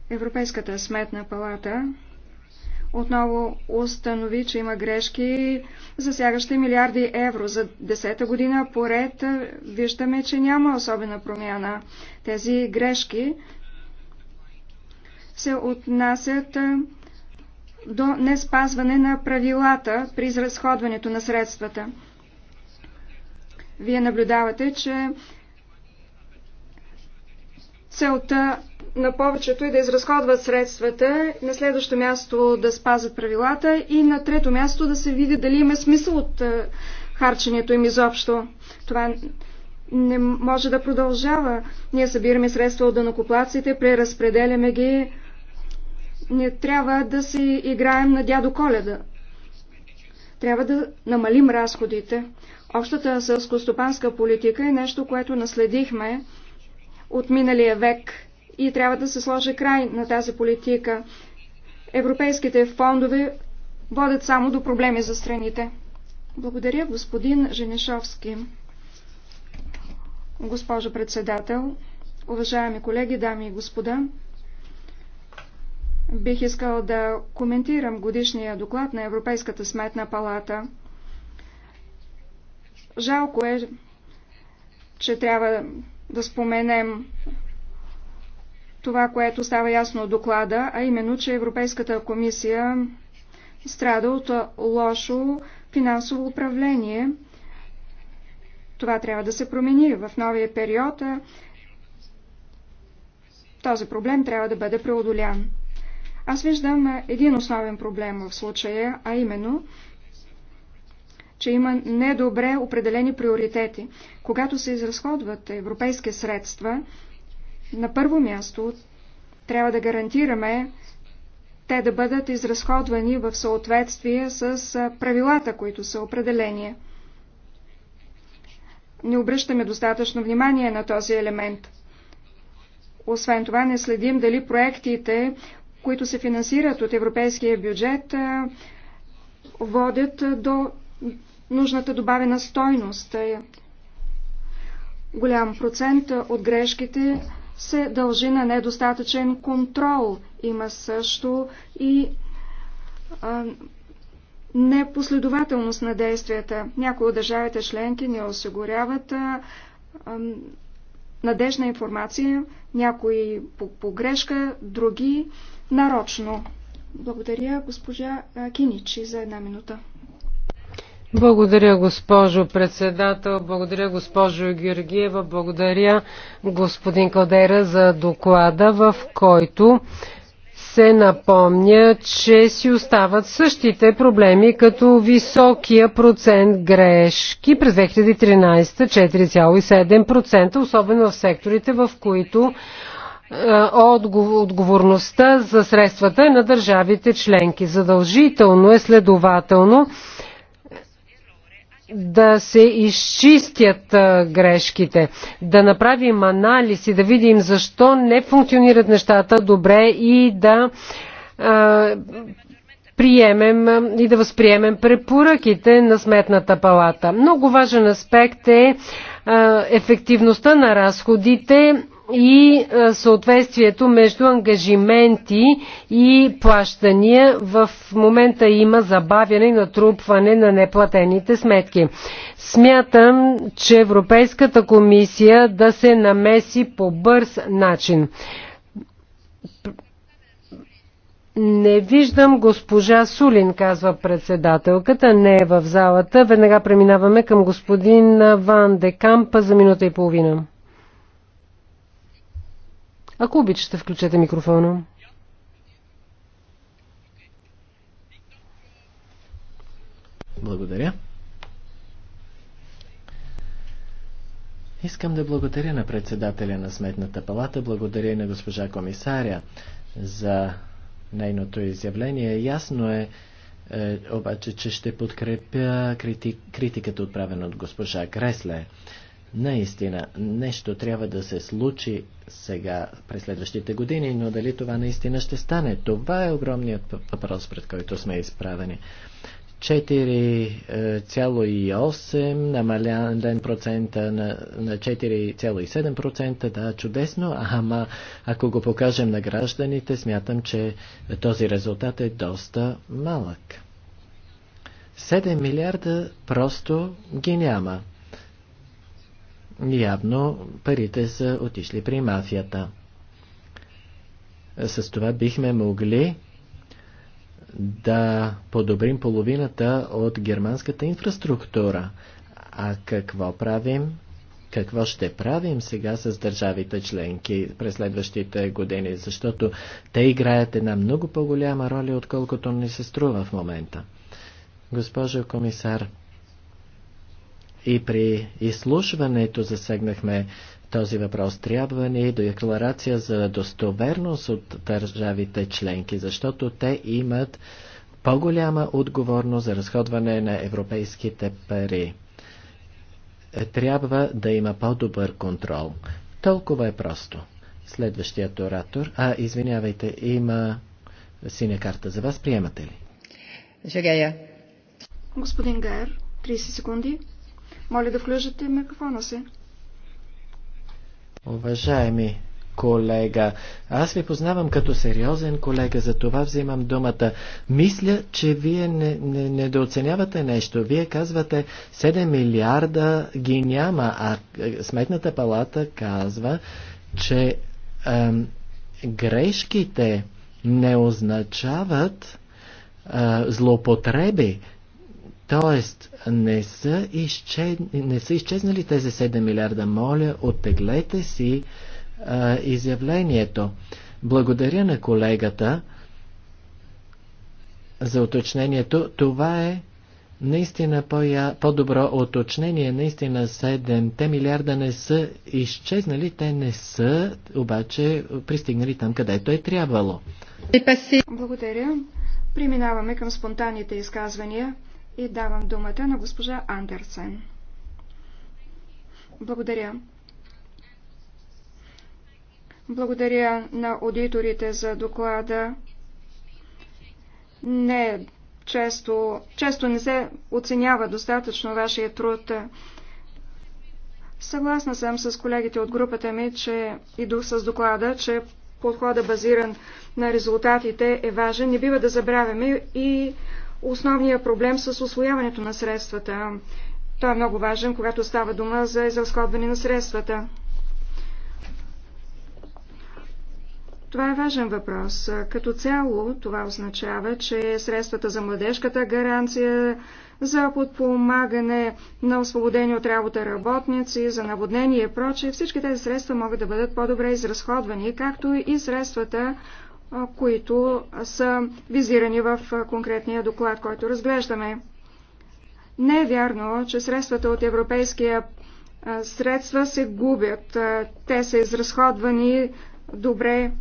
[SPEAKER 2] Европейската сметна палата отново установи, че има грешки, засягащи милиарди евро. За 10-та година поред виждаме, че няма особена промяна. Тези грешки се отнасят до неспазване на правилата при изразходването на средствата. Вие наблюдавате, че Целта на повечето е да изразходват средствата, на следващо място да спазят правилата и на трето място да се види дали има смисъл от е, харченето им изобщо. Това не може да продължава. Ние събираме средства от данокоплаците, преразпределяме ги. Не трябва да си играем на дядо Коледа. Трябва да намалим разходите. Общата сълскостопанска политика е нещо, което наследихме от миналия век и трябва да се сложи край на тази политика. Европейските фондове водят само до проблеми за страните. Благодаря, господин Женешовски. Госпожо председател, уважаеми колеги, дами и господа, бих искал да коментирам годишния доклад на Европейската сметна палата. Жалко е, че трябва да споменем това, което става ясно от доклада, а именно, че Европейската комисия страда от лошо финансово управление. Това трябва да се промени в новия период. Този проблем трябва да бъде преодолян. Аз виждам един основен проблем в случая, а именно че има недобре определени приоритети. Когато се изразходват европейски средства, на първо място трябва да гарантираме те да бъдат изразходвани в съответствие с правилата, които са определени. Не обръщаме достатъчно внимание на този елемент. Освен това не следим дали проектите, които се финансират от европейския бюджет, водят до нужната добавена стойност. Голям процент от грешките се дължи на недостатъчен контрол. Има също и а, непоследователност на действията. Някои от държавите членки не осигуряват а, а, надежна информация, някои по погрешка, други нарочно. Благодаря госпожа Киничи за една минута.
[SPEAKER 1] Благодаря, госпожо председател. Благодаря, госпожо Георгиева. Благодаря, господин Калдера, за доклада, в който се напомня, че си остават същите проблеми, като високия процент грешки през 2013 4,7%, особено в секторите, в които отговорността за средствата е на държавите членки. Задължително е следователно да се изчистят грешките, да направим анализ и да видим защо не функционират нещата добре и да а, приемем и да възприемем препоръките на Сметната палата. Много важен аспект е а, ефективността на разходите и е, съответствието между ангажименти и плащания. В момента има забавяне и натрупване на неплатените сметки. Смятам, че Европейската комисия да се намеси по бърз начин. Не виждам госпожа Сулин, казва председателката. Не е в залата. Веднага преминаваме към господин Ван Декампа за минута и половина. Ако обичате, включете микрофона.
[SPEAKER 3] Благодаря. Искам да благодаря на председателя на Сметната палата, благодаря и на госпожа комисаря за нейното изявление. Ясно е, е обаче, че ще подкрепя крити, критиката, отправена от госпожа Кресле. Наистина, нещо трябва да се случи сега, през следващите години, но дали това наистина ще стане? Това е огромният въпрос, пред който сме изправени. 4,8, намален процента на, на 4,7%, да, чудесно, ама ако го покажем на гражданите, смятам, че този резултат е доста малък. 7 милиарда просто ги няма явно парите са отишли при мафията. С това бихме могли да подобрим половината от германската инфраструктура. А какво правим? Какво ще правим сега с държавите членки през следващите години? Защото те играят една много по-голяма роля, отколкото ни се струва в момента. Госпожо комисар, и при изслушването засегнахме този въпрос. Трябва ни декларация за достоверност от държавите членки, защото те имат по-голяма отговорност за разходване на европейските пари. Трябва да има по-добър контрол. Толкова е просто. Следващият оратор. А, извинявайте, има синя карта за вас. Приемате ли?
[SPEAKER 2] Господин Гайер, 30 секунди. Моля да включите микрофона си.
[SPEAKER 3] Уважаеми колега, аз ви познавам като сериозен колега, за това взимам думата. Мисля, че вие не, не, недооценявате нещо. Вие казвате 7 милиарда ги няма, а Сметната палата казва, че ем, грешките не означават е, злоупотреби. Тоест, не са, изчез... не са изчезнали тези 7 милиарда. Моля, оттеглете си а, изявлението. Благодаря на колегата за уточнението. Това е наистина по-добро по оточнение. Наистина 7 те милиарда не са изчезнали, те не са обаче пристигнали там, където е трябвало.
[SPEAKER 2] Благодаря. Преминаваме към спонтанните изказвания. И давам думата на госпожа Андерсен. Благодаря. Благодаря на аудиторите за доклада. Не, е често, често не се оценява достатъчно вашия труд. Съгласна съм с колегите от групата ми, че идох с доклада, че подхода базиран на резултатите е важен. Не бива да забравяме и Основният проблем с освояването на средствата. Той е много важен, когато става дума за изразходване на средствата. Това е важен въпрос. Като цяло това означава, че средствата за младежката гаранция, за подпомагане на освободени от работа работници, за наводнение и прочее, всички тези средства могат да бъдат по-добре изразходвани, както и средствата които са визирани в конкретния доклад, който разглеждаме. Не е вярно, че средствата от европейския средства се губят. Те са изразходвани добре.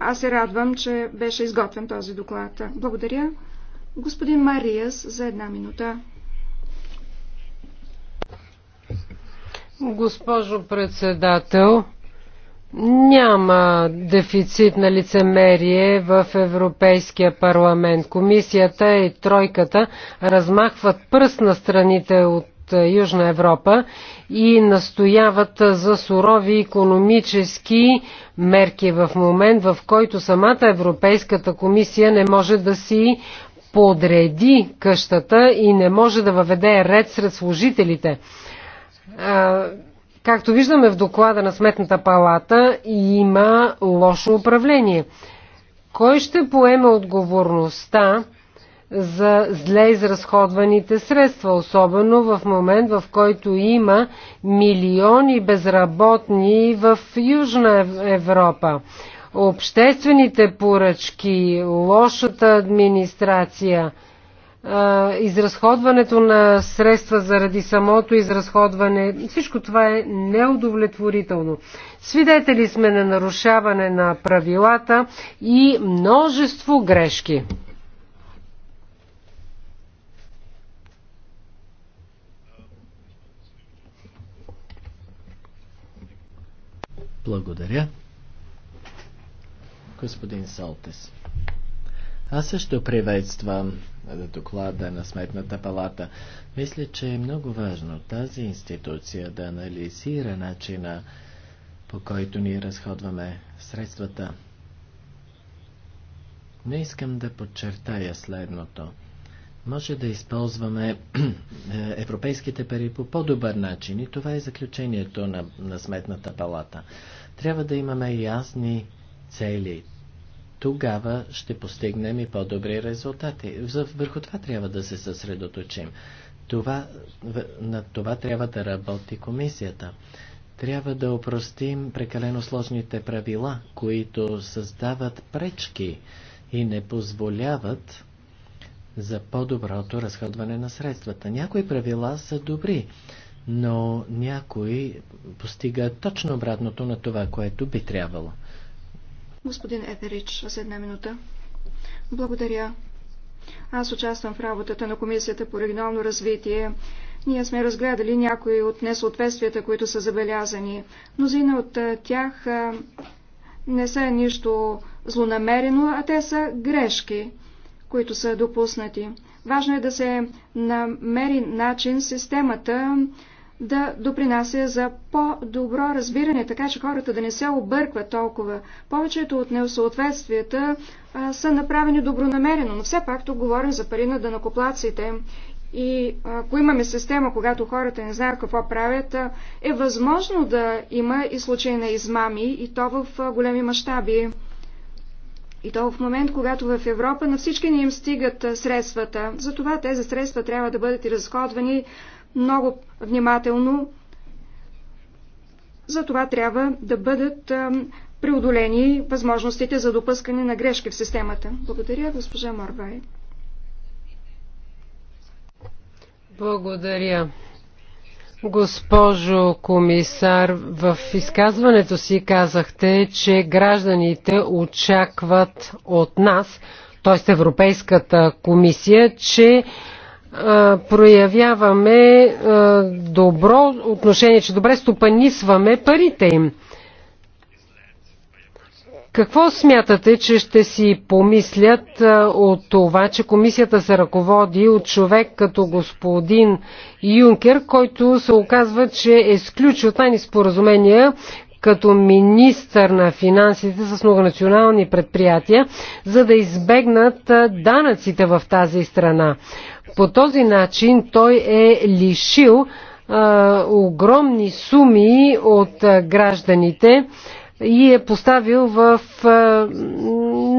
[SPEAKER 2] Аз се радвам, че беше изготвен този доклад. Благодаря. Господин Мариас за една минута.
[SPEAKER 1] Госпожо председател, няма дефицит на лицемерие в Европейския парламент. Комисията и тройката размахват пръст на страните от е, Южна Европа и настояват за сурови економически мерки в момент, в който самата Европейската комисия не може да си подреди къщата и не може да въведе ред сред служителите Както виждаме в доклада на Сметната палата, има лошо управление. Кой ще поеме отговорността за зле изразходваните средства, особено в момент, в който има милиони безработни в Южна Европа? Обществените поръчки, лошата администрация – изразходването на средства заради самото изразходване, всичко това е неудовлетворително. Свидетели сме на нарушаване на правилата и множество грешки.
[SPEAKER 3] Благодаря. Господин Салтес. Аз също приветствам доклада на Сметната палата. Мисля, че е много важно тази институция да анализира начина по който ние разходваме средствата. Не искам да подчертая следното. Може да използваме европейските пари по по-добър начин и това е заключението на, на Сметната палата. Трябва да имаме ясни цели, тогава ще постигнем и по-добри резултати. Върху това трябва да се съсредоточим. Това, на това трябва да работи комисията. Трябва да опростим прекалено сложните правила, които създават пречки и не позволяват за по-доброто разходване на средствата. Някои правила са добри, но някои постигат точно обратното на това, което би трябвало.
[SPEAKER 2] Господин Етерич, за една минута. Благодаря. Аз участвам в работата на Комисията по регионално развитие. Ние сме разгледали някои от несъответствията, които са забелязани. Мнозина от тях не са нищо злонамерено, а те са грешки, които са допуснати. Важно е да се намери начин системата да допринася за по-добро разбиране, така че хората да не се объркват толкова. Повечето от неосъответствията а, са направени добронамерено, но все пак тук говорим за пари на дънакоплаците. И ако имаме система, когато хората не знаят какво правят, а, е възможно да има и случаи на измами, и то в а, големи мащаби. И то в момент, когато в Европа на всички не им стигат средствата. Затова тези средства трябва да бъдат и разходвани много внимателно. За това трябва да бъдат преодолени възможностите за допускане на грешки в системата. Благодаря, госпожа Морбай.
[SPEAKER 1] Благодаря. Госпожо комисар, в изказването си казахте, че гражданите очакват от нас, т.е. Европейската комисия, че проявяваме добро отношение, че добре стопанисваме парите им. Какво смятате, че ще си помислят от това, че комисията се ръководи от човек като господин Юнкер, който се оказва, че е сключил тайни споразумения като министър на финансите с многонационални предприятия, за да избегнат данъците в тази страна. По този начин той е лишил а, огромни суми от а, гражданите и е поставил в а,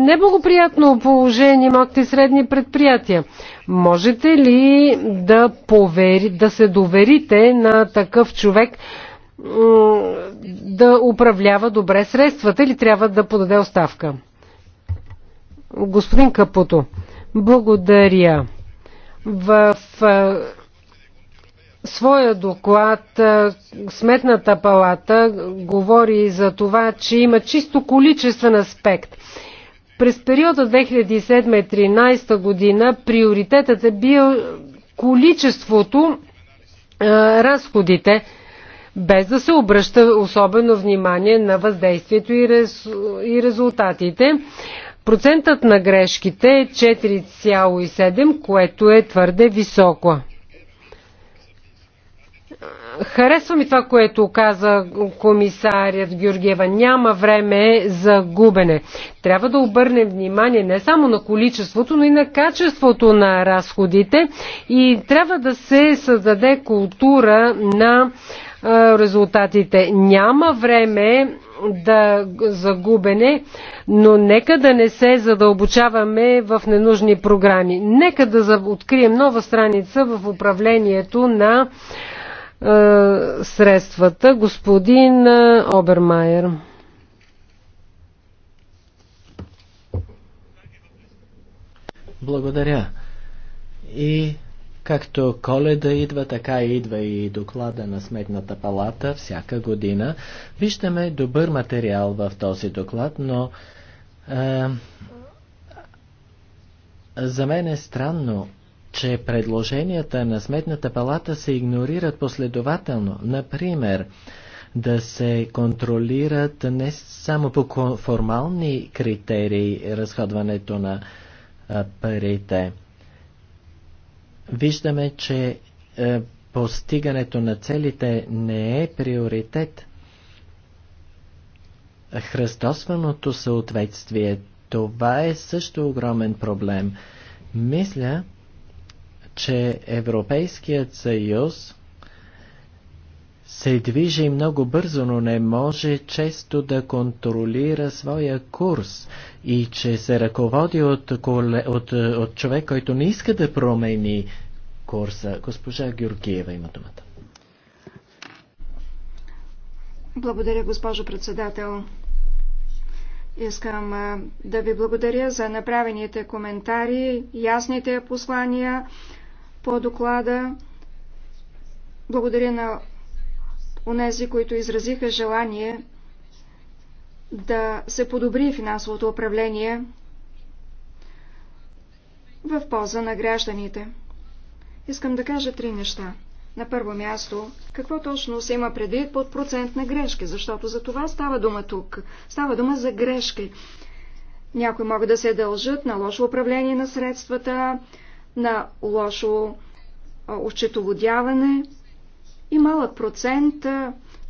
[SPEAKER 1] неблагоприятно положение малките и средни предприятия. Можете ли да, повери, да се доверите на такъв човек да управлява добре средствата или трябва да подаде оставка? Господин Капуто, благодаря. В е, своя доклад е, Сметната палата говори за това, че има чисто количествен аспект. През периода 2007-2013 година приоритетът е бил количеството е, разходите, без да се обръща особено внимание на въздействието и, рез, и резултатите. Процентът на грешките е 4,7, което е твърде високо. Харесва ми това, което каза комисарят Георгиева. Няма време за губене. Трябва да обърнем внимание не само на количеството, но и на качеството на разходите и трябва да се създаде култура на резултатите. Няма време да загубене, но нека да не се задълбочаваме в ненужни програми. Нека да открием нова страница в управлението на е, средствата. Господин е, Обермайер.
[SPEAKER 3] Благодаря. И Както коледа идва, така идва и доклада на Сметната палата всяка година. Виждаме добър материал в този доклад, но е, за мен е странно, че предложенията на Сметната палата се игнорират последователно. Например, да се контролират не само по формални критерии разходването на парите виждаме, че е, постигането на целите не е приоритет. Христосваното съответствие, това е също огромен проблем. Мисля, че Европейският съюз се движи много бързо, но не може често да контролира своя курс и че се ръководи от, коле, от, от човек, който не иска да промени курса. Госпожа Георгиева има думата.
[SPEAKER 2] Благодаря, госпожо председател. Искам да ви благодаря за направените коментари, ясните послания по доклада. Благодаря на онези, които изразиха желание да се подобри финансовото управление в полза на гражданите. Искам да кажа три неща. На първо място, какво точно се има предвид под процент на грешки, защото за това става дума тук. Става дума за грешки. Някои могат да се дължат на лошо управление на средствата, на лошо отчетоводяване, и малък процент,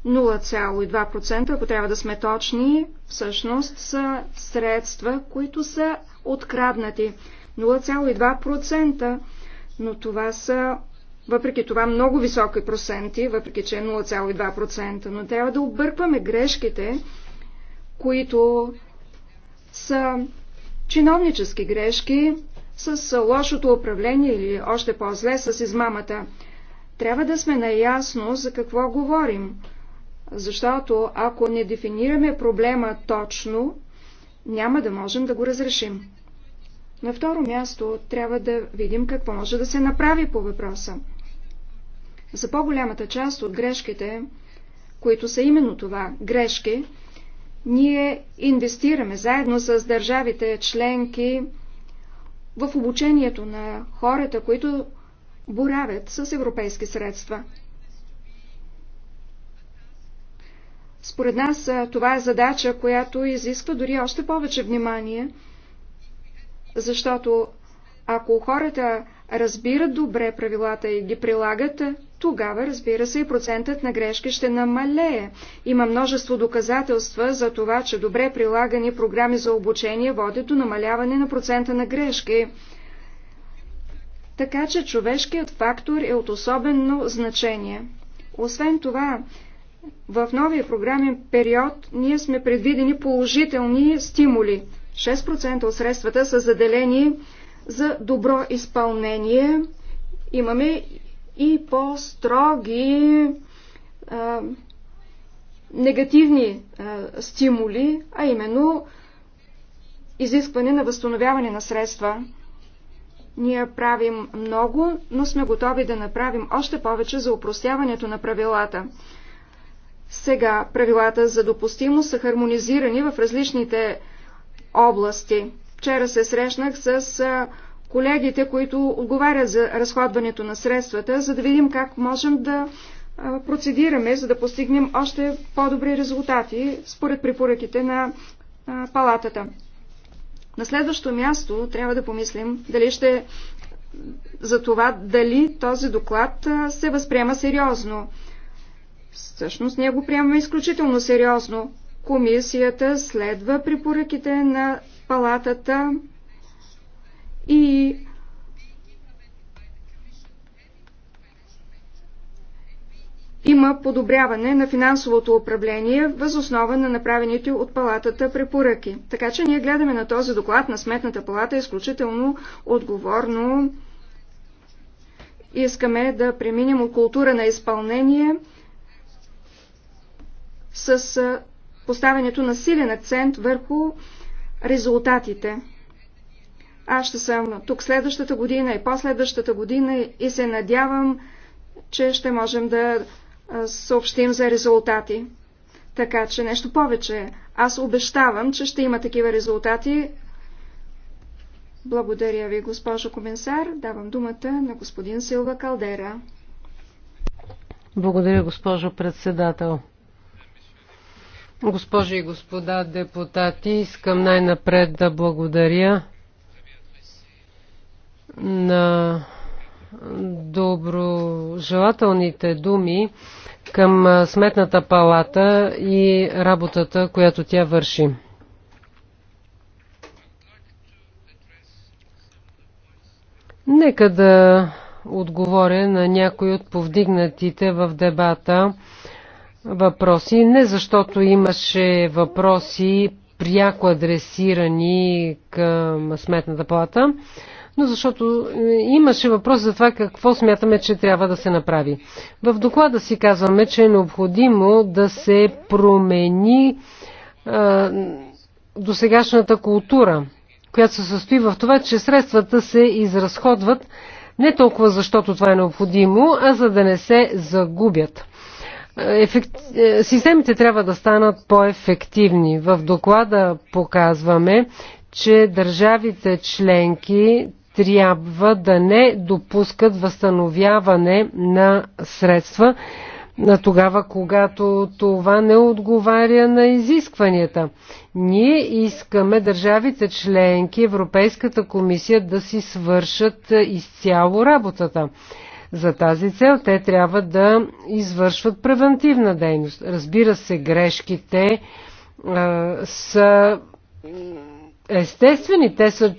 [SPEAKER 2] 0,2%, ако трябва да сме точни, всъщност са средства, които са откраднати. 0,2%, но това са въпреки това много високи проценти, въпреки че е 0,2%, но трябва да объркваме грешките, които са чиновнически грешки с лошото управление или още по-зле с измамата. Трябва да сме наясно за какво говорим, защото ако не дефинираме проблема точно, няма да можем да го разрешим. На второ място трябва да видим какво може да се направи по въпроса. За по-голямата част от грешките, които са именно това – грешки, ние инвестираме заедно с държавите членки в обучението на хората, които боравят с европейски средства. Според нас това е задача, която изисква дори още повече внимание, защото ако хората разбират добре правилата и ги прилагат, тогава, разбира се, и процентът на грешки ще намалее. Има множество доказателства за това, че добре прилагани програми за обучение водят до намаляване на процента на грешки. Така че човешкият фактор е от особено значение. Освен това, в новия програмен период ние сме предвидени положителни стимули. 6% от средствата са заделени за добро изпълнение. Имаме и по-строги негативни а, стимули, а именно изискване на възстановяване на средства. Ние правим много, но сме готови да направим още повече за упростяването на правилата. Сега правилата за допустимост са хармонизирани в различните области. Вчера се срещнах с колегите, които отговарят за разходването на средствата, за да видим как можем да процедираме, за да постигнем още по-добри резултати според препоръките на палатата. На следващо място трябва да помислим дали ще за това дали този доклад се възприема сериозно. Всъщност ние го приемаме изключително сериозно. Комисията следва препоръките на палатата и има подобряване на финансовото управление въз основа на направените от палатата препоръки. Така че ние гледаме на този доклад на Сметната палата изключително отговорно. Искаме да преминем от култура на изпълнение с поставянето на силен акцент върху резултатите. Аз ще съм тук следващата година и последващата година и се надявам, че ще можем да съобщим за резултати. Така че нещо повече. Аз обещавам, че ще има такива резултати. Благодаря ви, госпожо комисар. Давам думата на господин Силва Калдера.
[SPEAKER 1] Благодаря, госпожо председател. Госпожи и господа депутати, искам най-напред да благодаря на доброжелателните думи към Сметната палата и работата, която тя върши. Нека да отговоря на някои от повдигнатите в дебата въпроси. Не защото имаше въпроси пряко адресирани към Сметната палата, но защото е, имаше въпрос за това какво смятаме, че трябва да се направи. В доклада си казваме, че е необходимо да се промени а, е, досегашната култура, която се състои в това, че средствата се изразходват не толкова защото това е необходимо, а за да не се загубят. Ефект... Е, системите трябва да станат по-ефективни. В доклада показваме, че държавите членки трябва да не допускат възстановяване на средства на тогава, когато това не отговаря на изискванията. Ние искаме държавите членки, Европейската комисия да си свършат изцяло работата. За тази цел те трябва да извършват превентивна дейност. Разбира се, грешките е, са естествени, те са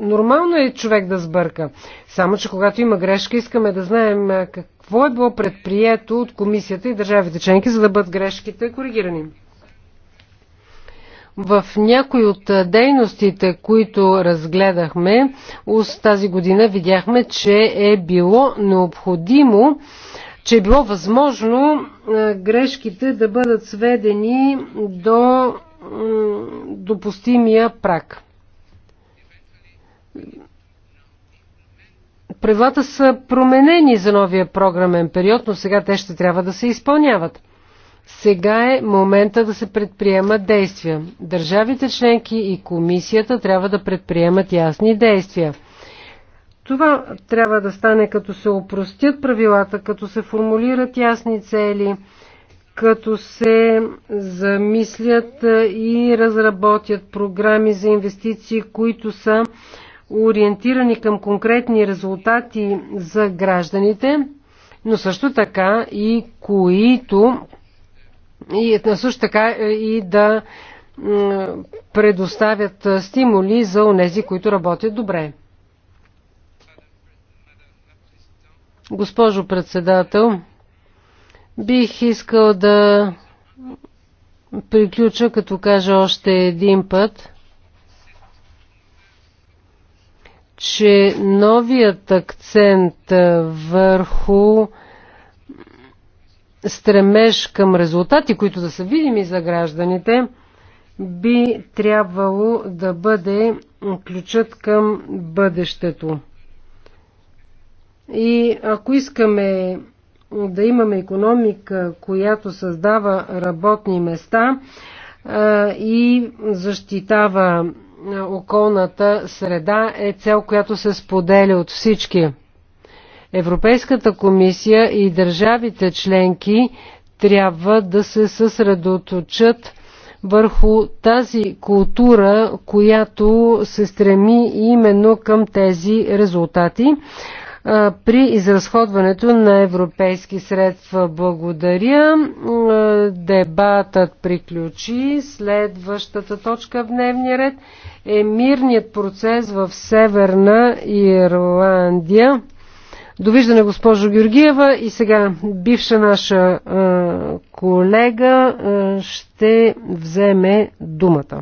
[SPEAKER 1] Нормално е човек да сбърка. Само, че когато има грешка, искаме да знаем какво е било предприето от комисията и държавите членки, за да бъдат грешките коригирани. В някои от дейностите, които разгледахме тази година, видяхме, че е било необходимо, че е било възможно грешките да бъдат сведени до допустимия прак. Правилата са променени за новия програмен период, но сега те ще трябва да се изпълняват. Сега е момента да се предприемат действия. Държавите членки и комисията трябва да предприемат ясни действия. Това трябва да стане като се опростят правилата, като се формулират ясни цели, като се замислят и разработят програми за инвестиции, които са ориентирани към конкретни резултати за гражданите, но също така и които и също така е, и да предоставят стимули за онези, които работят добре. Госпожо председател, бих искал да приключа, като кажа още един път, че новият акцент върху стремеж към резултати, които да са видими за гражданите, би трябвало да бъде ключът към бъдещето. И ако искаме да имаме економика, която създава работни места и защитава околната среда е цел, която се споделя от всички. Европейската комисия и държавите членки трябва да се съсредоточат върху тази култура, която се стреми именно към тези резултати при изразходването на европейски средства. Благодаря. Дебатът приключи. Следващата точка в дневния ред е мирният процес в Северна Ирландия. Довиждане, госпожо Георгиева. И сега бивша наша колега ще вземе думата.